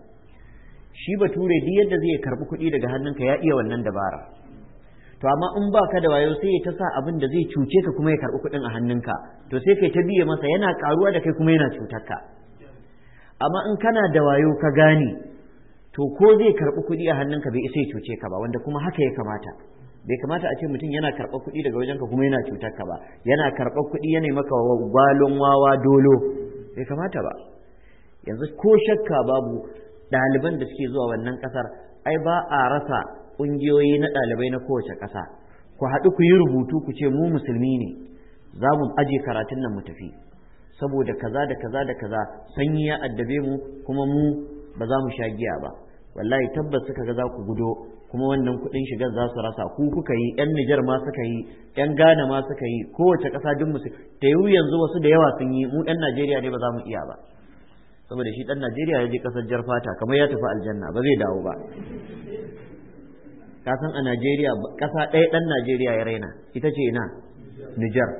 shi bature duk yadda zai karbi kuɗi daga hannunka ya iya wannan dabara to amma in ba ka da wayo sai ya ta sa abin da zai cuce ka kuma ya karbi kuɗin a hannunka to sai kai ta biye masa yana karuwa da kai kuma yana cutar ka amma in kana da wayo ka gane to ko zai karbi kuɗi a hannunka bai isa ya cuce ka ba wanda kuma haka ya kamata bai kamata a ce mutum yana karɓar kuɗi daga wajenka kuma yana cutar ka ba yana karɓar kuɗi yana maka gwalon wawa dolo bai kamata ba yanzu ko shakka babu ɗaliban da suke zuwa wannan ƙasar ai ba a rasa ƙungiyoyi na ɗalibai na kowace ƙasa ku haɗu ku yi rubutu ku ce mu musulmi ne za mu aje karatun nan mu tafi saboda kaza da kaza da kaza sanyi ya addabe mu kuma mu ba za mu sha giya ba wallahi tabbas suka ga za ku gudo kuma wannan kuɗin shigar za su rasa ku kuka yi yan Nijar ma suka yi yan Ghana ma suka yi kowace ƙasa duk musu ta yiwu yanzu wasu da yawa sun yi mu ɗan Najeriya ne ba za mu iya ba saboda shi ɗan Najeriya ya je ƙasar Jarfata kamar ya tafi aljanna ba zai dawo ba ka san a Najeriya ƙasa ɗaya ɗan Najeriya ya raina ita ce ina Nijar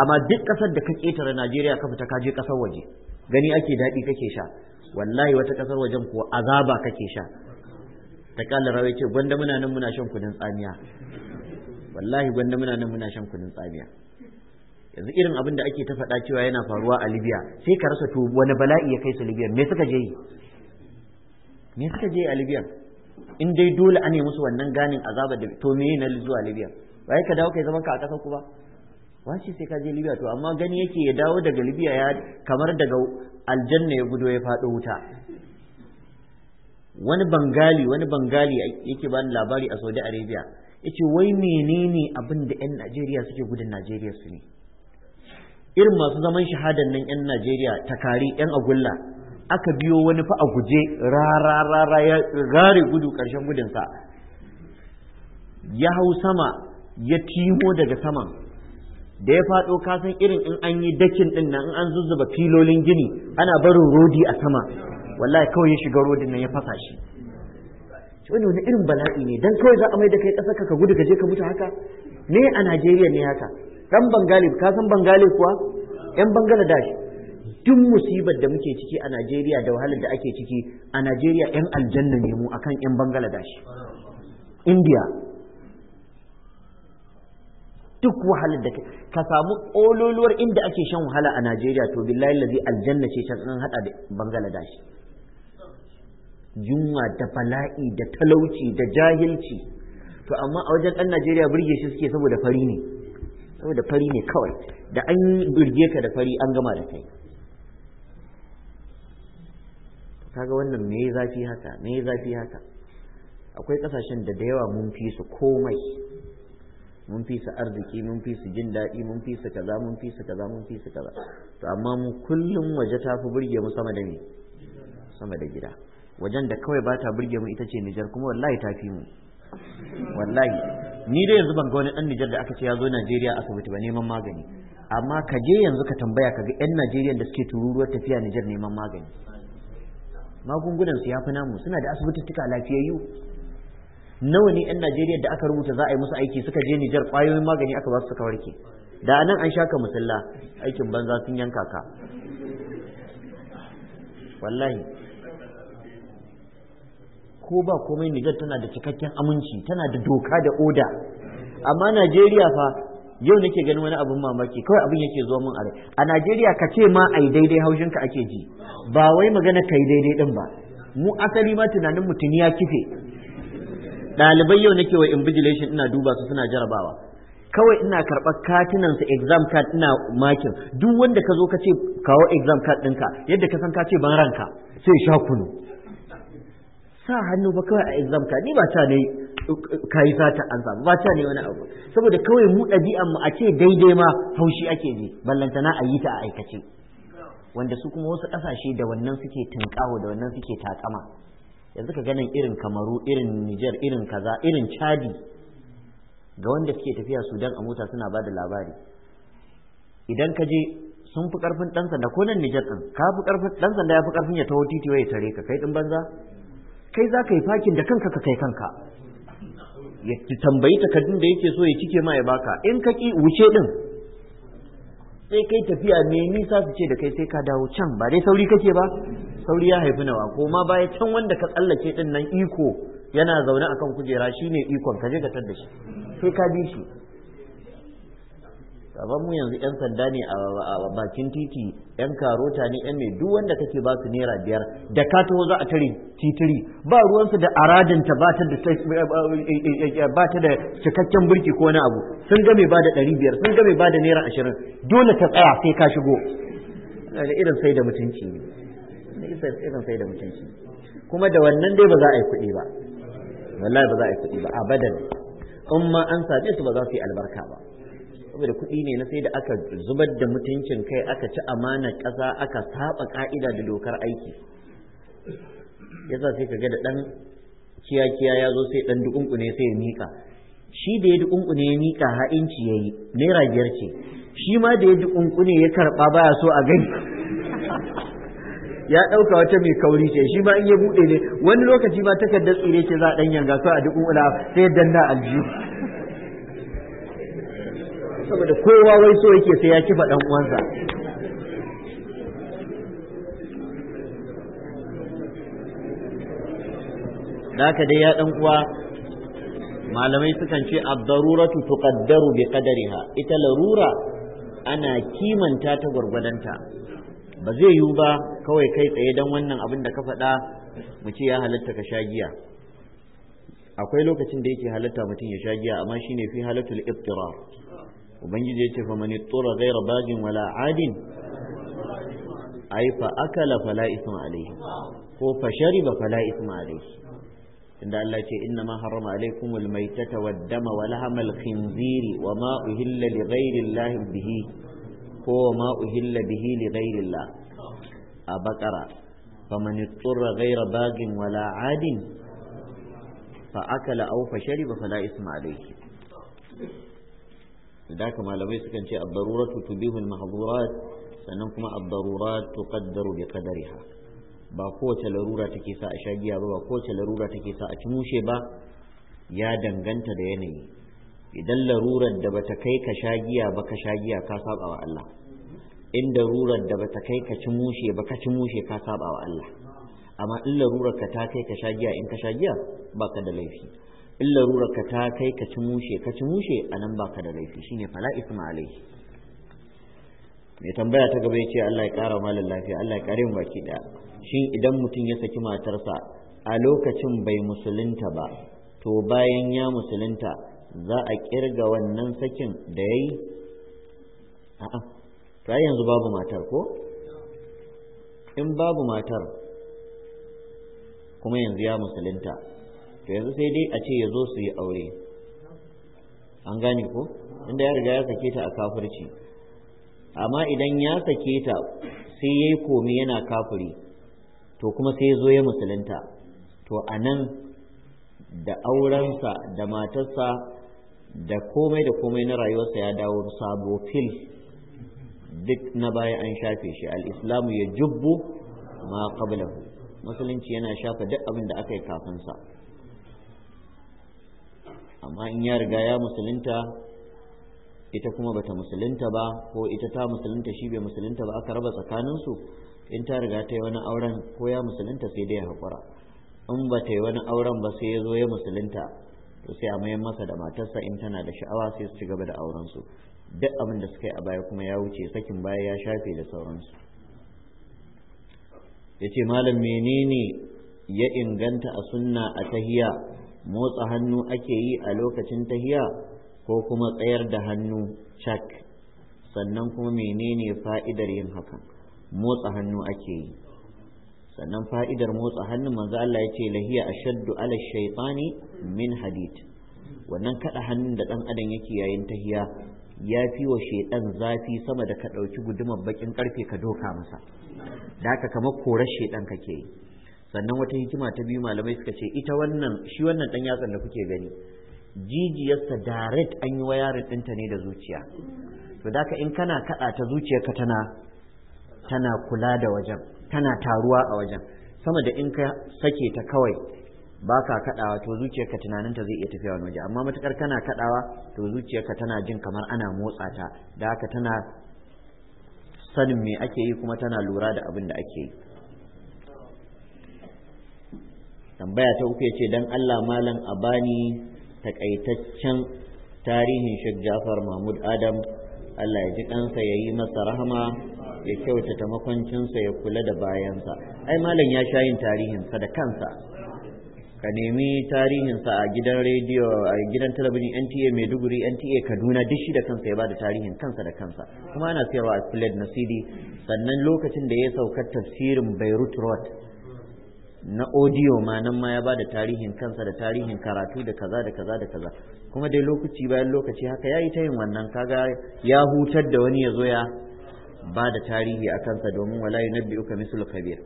amma duk ƙasar da ka ƙetare Najeriya ka fita ka je ƙasar waje gani ake daɗi kake sha wallahi wata ƙasar wajen kuwa azaba kake sha ta kala rawa ce gwanda muna nan muna shan kunin tsamiya wallahi gwanda muna nan muna shan kunin tsamiya yanzu irin abin da ake ta faɗa cewa yana faruwa a Libya sai ka rasa to wani bala'i ya kai su Libya me suka je yi me suka je a Libya in dai dole a ne musu wannan ganin azaba da to me na zuwa Libya wai ka dawo kai zaman ka a ƙasar ku ba wace sai ka je Libya to amma gani yake ya dawo daga Libya ya kamar daga aljanna ya gudo ya faɗo wuta wani bangali wani bangali yake bani labari a saudi arabia yace wai menene abin da 'yan najeriya suke gudun najeriya su ne irin masu zaman shahadan nan 'yan najeriya takari 'yan agulla aka biyo wani fa a guje rara ya gare gudu ƙarshen gudunsa ya hau sama ya timo daga saman da ya faɗo kasan irin in an yi dakin ɗin nan in an zuzzuba filolin gini ana barin rodi a sama wallahi kawai ya shiga rodin nan ya fasa shi wani wani irin bala'i ne dan kawai za a mai da kai ƙasar ka gudu ka je ka mutu haka ne a Najeriya ne haka dan Bangali ka san Bangali kuwa yan Bangladesh duk musibar da muke ciki a Najeriya da wahalar da ake ciki a Najeriya yan aljanna ne mu akan yan Bangladesh India duk wahalar da ka samu ololuwar inda ake shan wahala a Najeriya to billahi lazi aljanna ce can an hada da Bangladesh yunwa da bala'i da talauci da jahilci to amma a wajen ɗan najeriya burge shi suke saboda fari ne saboda fari ne kawai da an burge ka da fari an gama da kai kaga wannan me zafi haka me zafi haka akwai kasashen da da yawa mun fi su komai mun fi su arziki mun fi su jin daɗi mun fi su kaza mun fi su kaza mun fi su kaza to amma mu kullum waje ta fi burge mu sama da me sama da gida wajen da kawai ba ta burge mu ita ce Nijar kuma wallahi ta fi mu wallahi ni dai yanzu ban ga wani dan Nijar da aka ce ya zo Najeriya asibiti ba neman magani amma ka je yanzu ka tambaya ka ga yan Najeriya da suke tururuwar tafiya Nijar neman magani magungunan su yafi namu suna da asibitittuka lafiyayyu nawa ne yan Najeriya da aka rubuta za a yi musu aiki suka je Nijar kwayoyin magani aka ba su suka warke da anan an shaka musalla aikin banza sun yanka ka wallahi ko ba komai Nijar tana da cikakken aminci tana da doka da oda amma Najeriya fa yau nake ganin wani abin mamaki kawai abin yake zuwa mun a a Najeriya ka ce ma ai daidai haushin ka ake ji ba wai magana kai daidai din ba mu asali ma tunanin mutuni ya kife ɗalibai yau nake wa invigilation ina duba su suna jarabawa kawai ina karɓar katinansa exam card ina makin duk wanda ka zo ka ce kawo exam card ɗinka yadda ka san ka ce ban ranka sai sha kunu sa hannu ba kawai a exam ka ni ba ta ne yi sata an samu ba ta ne wani abu saboda kawai mu ɗabi'an mu a ce daidai ma haushi ake ji ballantana a yi ta a aikace wanda su kuma wasu ƙasashe da wannan suke tunƙaho da wannan suke taƙama, yanzu ka ganin irin kamaru irin nijar irin kaza irin chadi ga wanda suke tafiya sudan a mota suna ba da labari idan ka je sun fi karfin ɗan sanda ko nan nijar ɗin ka fi karfin ɗan sanda ya fi karfin ya taho titi waye tare ka kai ɗin banza kai za ka yi fakin da kanka ka kai kanka ya tambayi takardun da yake so ya cike ma ya baka in ka ki wuce din sai kai tafiya ne nisa su ce da kai sai ka dawo can ba dai sauri kake ba sauri ya haifi nawa ko ma baya can wanda ka tsallake din nan iko yana zaune akan kujera shine ikon ka je da shi sai ka bi shi ba mu yanzu yan sanda ne a bakin titi yan karota ne yan mai duk wanda kake ba su naira biyar da ka taho za a tare titiri ba ruwansu da aradinta ba ta da eh, eh, eh, ba ta da cikakken burki ko wani abu sun ga mai ba da ɗari biyar sun ga mai ba da naira ashirin dole ta tsaya sai ka shigo da irin sai da mutunci ne irin sai da mutunci kuma da wannan dai ba za a yi kuɗi ba wallahi ba za a yi kuɗi ba abadan in ma an same su ba za su yi albarka ba saboda kuɗi ne na sai da aka zubar da mutuncin kai aka ci amana ƙasa aka saba ka'ida da dokar aiki yasa sai ka ga da ɗan kiya-kiya ya zo sai ɗan ne sai ya miƙa shi da ya ne ya miƙa ha'inci ya yi naira biyar ce shi ma da ya ne ya karɓa baya so a gani ya ɗauka wata mai kauri ce shi ma in ya buɗe ne wani lokaci ma takardar tsire ce za a ɗan yanga kawai a na sai ya danna aljihu saboda kowa wai so yake sai ya kifa dan uwansa da haka dai ya dan uwa malamai sukan ce ad-daruratu tuqaddaru bi qadariha ita larura ana kimanta ta gwargwadonta ba zai yiwu ba kawai kai tsaye dan wannan abin da ka faɗa mu ce ya halatta ka sha giya akwai lokacin da yake halatta mutum ya sha giya amma shine fi halatul iftirar ubangiji ya ce fa mani tura gaira bagin wala adin ai fa akala fala isma alaihi ko fa shariba fala isma alaihi inda Allah ce inna ma harrama alaikumul maitata wad dama wa lahamal khinziri wa ma uhilla li ghairi Allah bihi ko ma uhilla bihi li ghairi Allah a bakara faman turra ghaira bagin wala adin fa akala aw fa shariba fala isma alaihi da haka malamai sukan ce abdaruratu tubihu al-mahdurat sannan kuma abdarurat tuqaddaru bi qadariha ba kowace larura take sa a shagiya ba ba kowace larura take sa a cimushe ba ya danganta da yanayi idan larurar da bata kai ka shagiya ba ka shagiya ka saba wa Allah in larurar da bata kai ka cimushe ba ka cimushe ka saba wa Allah amma in larurar ka ta kai ka shagiya in ka shagiya ba ka da laifi in ka ta kai ka ci mushe ka ci mushe a nan baka da laifi shine fala isma alaihi mai tambaya ta gaba ce Allah ya kara malin lafiya Allah ya kare mu baki da shin idan mutum ya saki matarsa a lokacin bai musulunta ba to bayan ya musulunta za a kirga wannan sakin da yayi a'a to yanzu babu matar ko in babu matar kuma yanzu ya musulunta to yanzu sai dai a ce ya zo su yi aure an gane ko inda ya riga ya sake ta a kafirci amma idan ya sake ta sai ya yi komi yana kafiri to kuma sai ya zo ya musulunta to a nan da aurensa da matarsa da komai da komai na rayuwarsa ya dawo sabo fil duk na baya an shafe shi al-islamu ya jubbu ma qablahu musulunci yana shafa duk abin da aka yi kafinsa amma in ya riga ya musulunta ita kuma bata musulunta ba ko ita ta musulunta shi bai musulunta ba aka raba tsakaninsu in ta riga ta yi wani auren ko ya musulunta sai dai ya haƙura in ba ta yi wani auren ba sai ya zo ya musulunta to sai a mayan masa da matarsa in tana da sha'awa sai su ci gaba da aurensu duk abin da suka yi a baya kuma ya wuce sakin baya ya shafe da sauransu ya ce malam menene ya inganta a sunna a tahiya motsa hannu ake yi a lokacin tahiya ko kuma tsayar da hannu cak sannan kuma menene fa'idar yin hakan motsa hannu ake yi sannan fa'idar motsa hannu manzo Allah ya ce lahiya ashaddu ala shaytani min hadid wannan kada hannun da dan adam yake yayin tahiya ya fi wa shaidan zafi sama da ka ɗauki gudumar bakin karfe ka doka masa da ka kamar korar shaidan kake yi sannan wata hikima ta biyu malamai suka ce ita wannan shi wannan dan yatsan da kuke gani jijiyarsa direct an yi wa yaron ɗinta ne da zuciya to da ka in kana kaɗa ta zuciyarka tana tana kula da wajen tana taruwa a wajen sama da in ka sake ta kawai ba ka kaɗawa to zuciyarka tunaninta zai iya tafiya wani waje amma matukar kana kaɗawa to zuciyarka tana jin kamar ana motsa ta da haka tana sanin me ake yi kuma tana lura da abin da ake yi tambaya ta uku yace dan Allah malam a bani takaitaccen tarihin Sheikh Jafar Mahmud Adam Allah ya ji kansa ya yi masa rahama ya kyautata makwancinsa ya kula da bayansa ai malam ya sha yin tarihinsa da kansa ka nemi tarihinsa a gidan radio a gidan talabijin NTA Maiduguri NTA Kaduna duk shi da kansa ya bada tarihin kansa da kansa kuma ana sayarwa a Spilad na CD sannan lokacin da ya sauka tafsirin Beirut Road na odiyo ma nan ma ya ba da tarihin kansa da tarihin karatu da kaza da kaza da kaza kuma dai lokaci bayan lokaci haka ya yi ta yin wannan kaga ya hutar da wani ya zo ya ba da tarihi a kansa domin wala yunabbi'uka misul kabir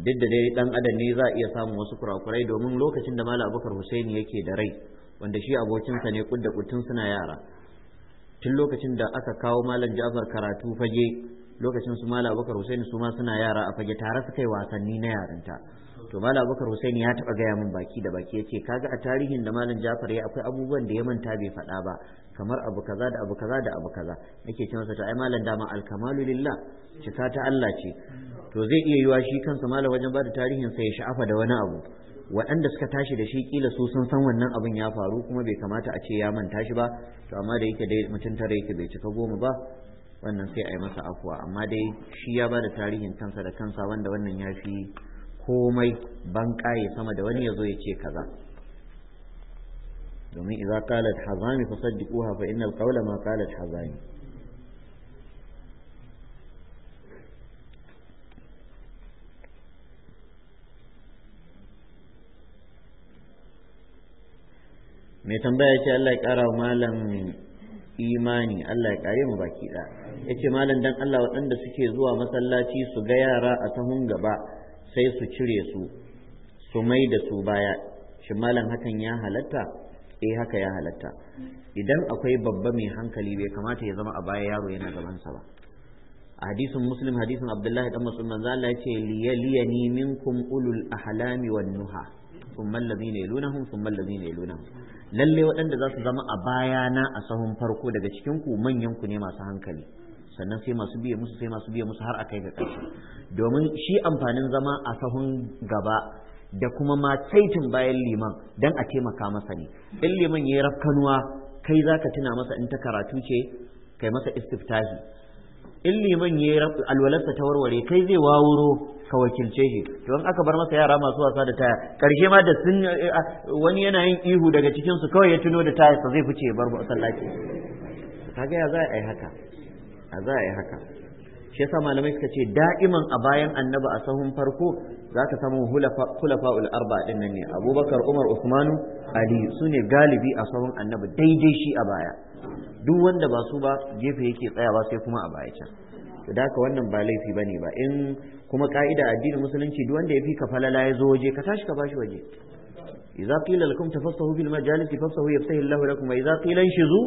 duk da dai dan adam ne za a iya samun wasu kurakurai domin lokacin da malam abubakar husaini yake da rai wanda shi abokinsa ne kudda kutun suna yara tun lokacin da aka kawo malam jafar karatu fage lokacin su mala abubakar husaini su ma suna yara a fage tare su kai wasanni na yarinta to mala abubakar husaini ya taba gaya min baki da baki yace kaga a tarihin da malam jafar ya akwai abubuwan da ya manta bai faɗa ba kamar abu kaza da abu kaza da abu kaza nake ce masa to ai malam dama alkamalu lillah cika ta Allah ce to zai iya yiwa shi kansa malam wajen bada tarihin sa ya sha'afa da wani abu waɗanda suka tashi da shi kila su sun san wannan abun ya faru kuma bai kamata a ce ya manta shi ba to amma da yake dai mutum tare yake bai cika goma ba wannan sai a yi masa afuwa amma dai shi ya bada tarihin kansa da kansa wanda wannan ya fi komai bankaye sama da wani ya zo ya ce kaza domin idza qalat hazami saddiquha fa innal qawla ma qalat hazami mai tambaya ce Allah ya kara malam imani Allah ya kare mu baki da yace malam dan Allah waɗanda suke zuwa masallaci su ga yara a sahun gaba sai su cire su su mai da su baya shin malam hakan ya halatta eh haka ya halatta idan akwai babba mai hankali bai kamata ya zama a baya yaro yana gaban sa ba a hadisin muslim hadisin abdullahi dan mas'ud manzo Allah yace liyaliyani minkum ulul ahlami wan nuha thumma alladhina yalunahum thumma alladhina yalunahum lalle waɗanda za su zama a bayana a sahun farko daga cikin ku manyan ku ne masu hankali sannan sai masu biye musu sai masu biye musu har a kai ga ƙarshe domin shi amfanin zama a sahun gaba da kuma ma taitin bayan liman don a taimaka masa ne in liman ya yi rafkanuwa kai za ka tuna masa in ta karatu ce kai masa istiftahi in liman ya yi alwalarsa ta warware kai zai wawuro ka wakilce shi to in aka bar masa yara masu wasa da taya karshe ma da sun eh, ah, wani yana yin ihu daga cikin su kawai ya tuno da taya sa zai fice ya bar masallaci kaga ya za a yi haka a za a yi haka shi yasa malamai suka ce da'iman a bayan annabi a sahun farko za ka samu hulafa'ul arba din nan ne abubakar umar usmanu ali sune galibi a sahun annabi daidai shi a baya duk wanda ba su ba gefe yake tsayawa sai kuma a baya can to da haka wannan ba laifi bane ba in kuma ka'ida addinin musulunci duk wanda ya fi ka falala ya zo waje ka tashi ka bashi waje idza qila lakum tafassahu fil majalisi fafsahu yafsahu Allahu lakum wa idza qila inshizu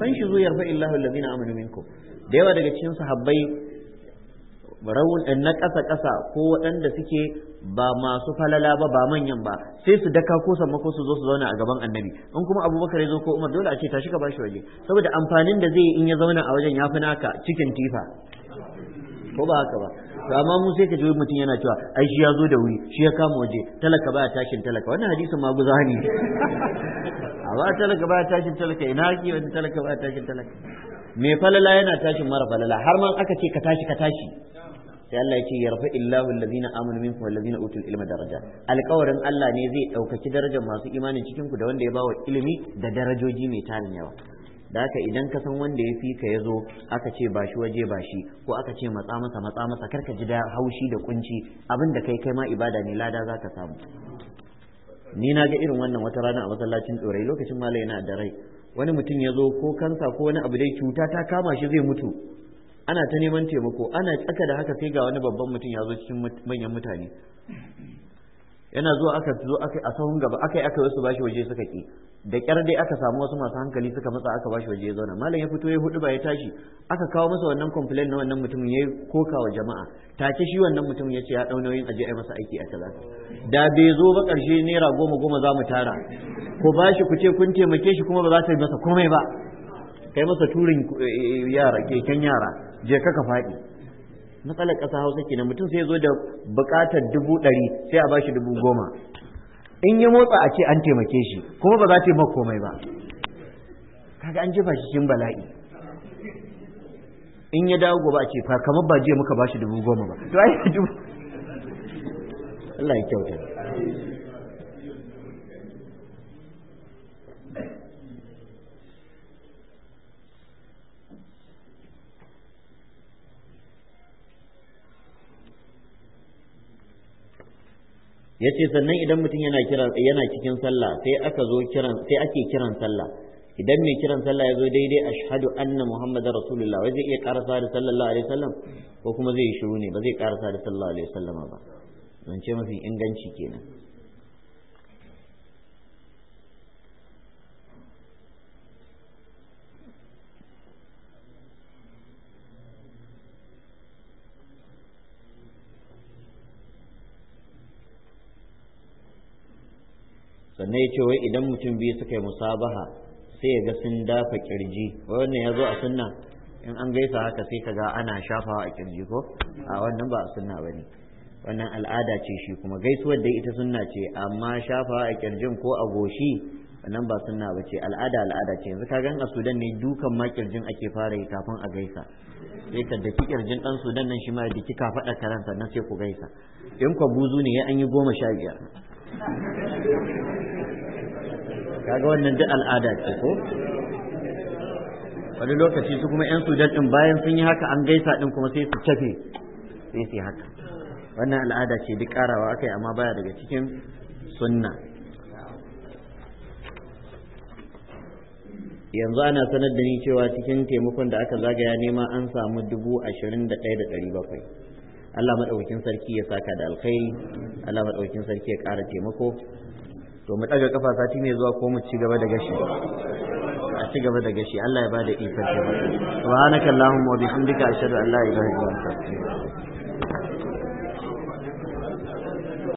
fanshizu yarfa Allahu alladhina amanu minkum da yawa daga cikin sahabbai rawun eh, na ƙasa ƙasa ko waɗanda suke ba masu falala ba ba manyan ba sai su daka ko sammako su zo su zauna a gaban annabi in kuma abubakar ya zo ko umar dole a ce tashi ka bashi waje saboda amfanin da zai yi in ya zauna a wajen ya fi naka cikin tifa ko ba haka ba to amma mun sai ka ji mutum yana cewa ai shi ya zo da wuri shi ya kama waje talaka baya tashin talaka wannan hadisin ma guza ne amma talaka baya tashin talaka ina ki wani talaka baya tashin talaka me falala yana tashin mara falala har man aka ce ka tashi ka tashi sai Allah ya ce yarfa illahu allazina amanu minkum wallazina utul ilma daraja alƙawarin Allah ne zai ɗaukaki darajar masu imanin cikin ku da wanda ya bawa ilimi da darajoji mai tarin yawa da haka idan ka san wanda ya fi ka ya zo aka ce ba shi waje ba shi ko aka ce matsa masa matsa masa karka ji da haushi da kunci abin da kai kai ma ibada ne lada za ka samu ni na ga irin wannan wata rana a masallacin tsorai lokacin mala yana da rai wani mutum ya zo ko kansa ko wani abu dai cuta ta kama shi zai mutu ana ta neman taimako ana tsaka da haka sai ga wani babban mutum ya zo cikin manyan mutane yana zuwa aka zo aka a sahun gaba aka yi aka wasu bashi waje suka ki da kyar dai aka samu wasu masu hankali suka matsa aka bashi waje ya zauna malam ya fito ya hudu ba ya tashi aka kawo masa wannan complain na wannan mutumin ya koka wa jama'a take shi wannan mutumin ya ce ya dau nauyin aje ai masa aiki a kaza da bai zo ba karshe naira goma goma za mu tara ku bashi ku ce kun taimake shi kuma ba za ta yi masa komai ba kai masa turin eh, eh, yara keken yara je ka ka faɗi matsalar ƙasa hausa kenan mutum sai zo da buƙatar dubu ɗari sai a bashi dubu goma in ya motsa a ce an taimake shi kuma ba za ta yi komai ba kaga an jefa shi cikin bala'i in ya dawo gobe a ce fa kamar ba jiya muka bashi dubu goma ba to ai Allah ya kyauta yace sannan idan mutum yana kira yana cikin sallah sai aka zo kiran sai ake kiran sallah idan mai kiran sallah ya zo daidai ashhadu anna muhammadar rasulullah wai zai iya karasa da sallallahu alaihi wasallam ko kuma zai yi shiru ne ba zai karasa da sallallahu alaihi wasallam ba zance mafi inganci kenan sannan ya ce wai idan mutum biyu suka yi musabaha sai ya ga sun dafa kirji wannan ya zo a sunna in an gaisa haka sai ka ga ana shafawa a kirji ko a wannan ba a sunna ba ne wannan al'ada ce shi kuma gaisuwar da ita sunna ce amma shafawa a kirjin ko a goshi wannan ba sunna ba ce al'ada al'ada ce yanzu ka gan a sudan ne dukan ma kirjin ake fara yi kafin a gaisa sai ka daki kirjin dan sudan nan shi ma ya daki ka faɗa karan na sai ku gaisa in kwa buzu ne ya an yi goma sha biyar kaga wannan duk al'ada ce ko wani lokaci su kuma 'yan sudan din bayan sun yi haka an gaisa ɗin, kuma sai su tafe sai su yi haka wannan al'ada ce duk karawa akai amma baya daga cikin sunna yanzu ana sanar da ni cewa cikin taimakon da aka zagaya nema an samu dubu ashirin da ɗaya da ɗari bakwai Allah maɗaukin sarki ya saka da alkhairi Allah maɗaukin sarki ya ƙara taimako to mu daga kafa sati mai zuwa ko mu ci gaba da gashi a ci gaba da gashi Allah ya bada ikon taimako allahumma wa bihamdika ashhadu an la ilaha illa anta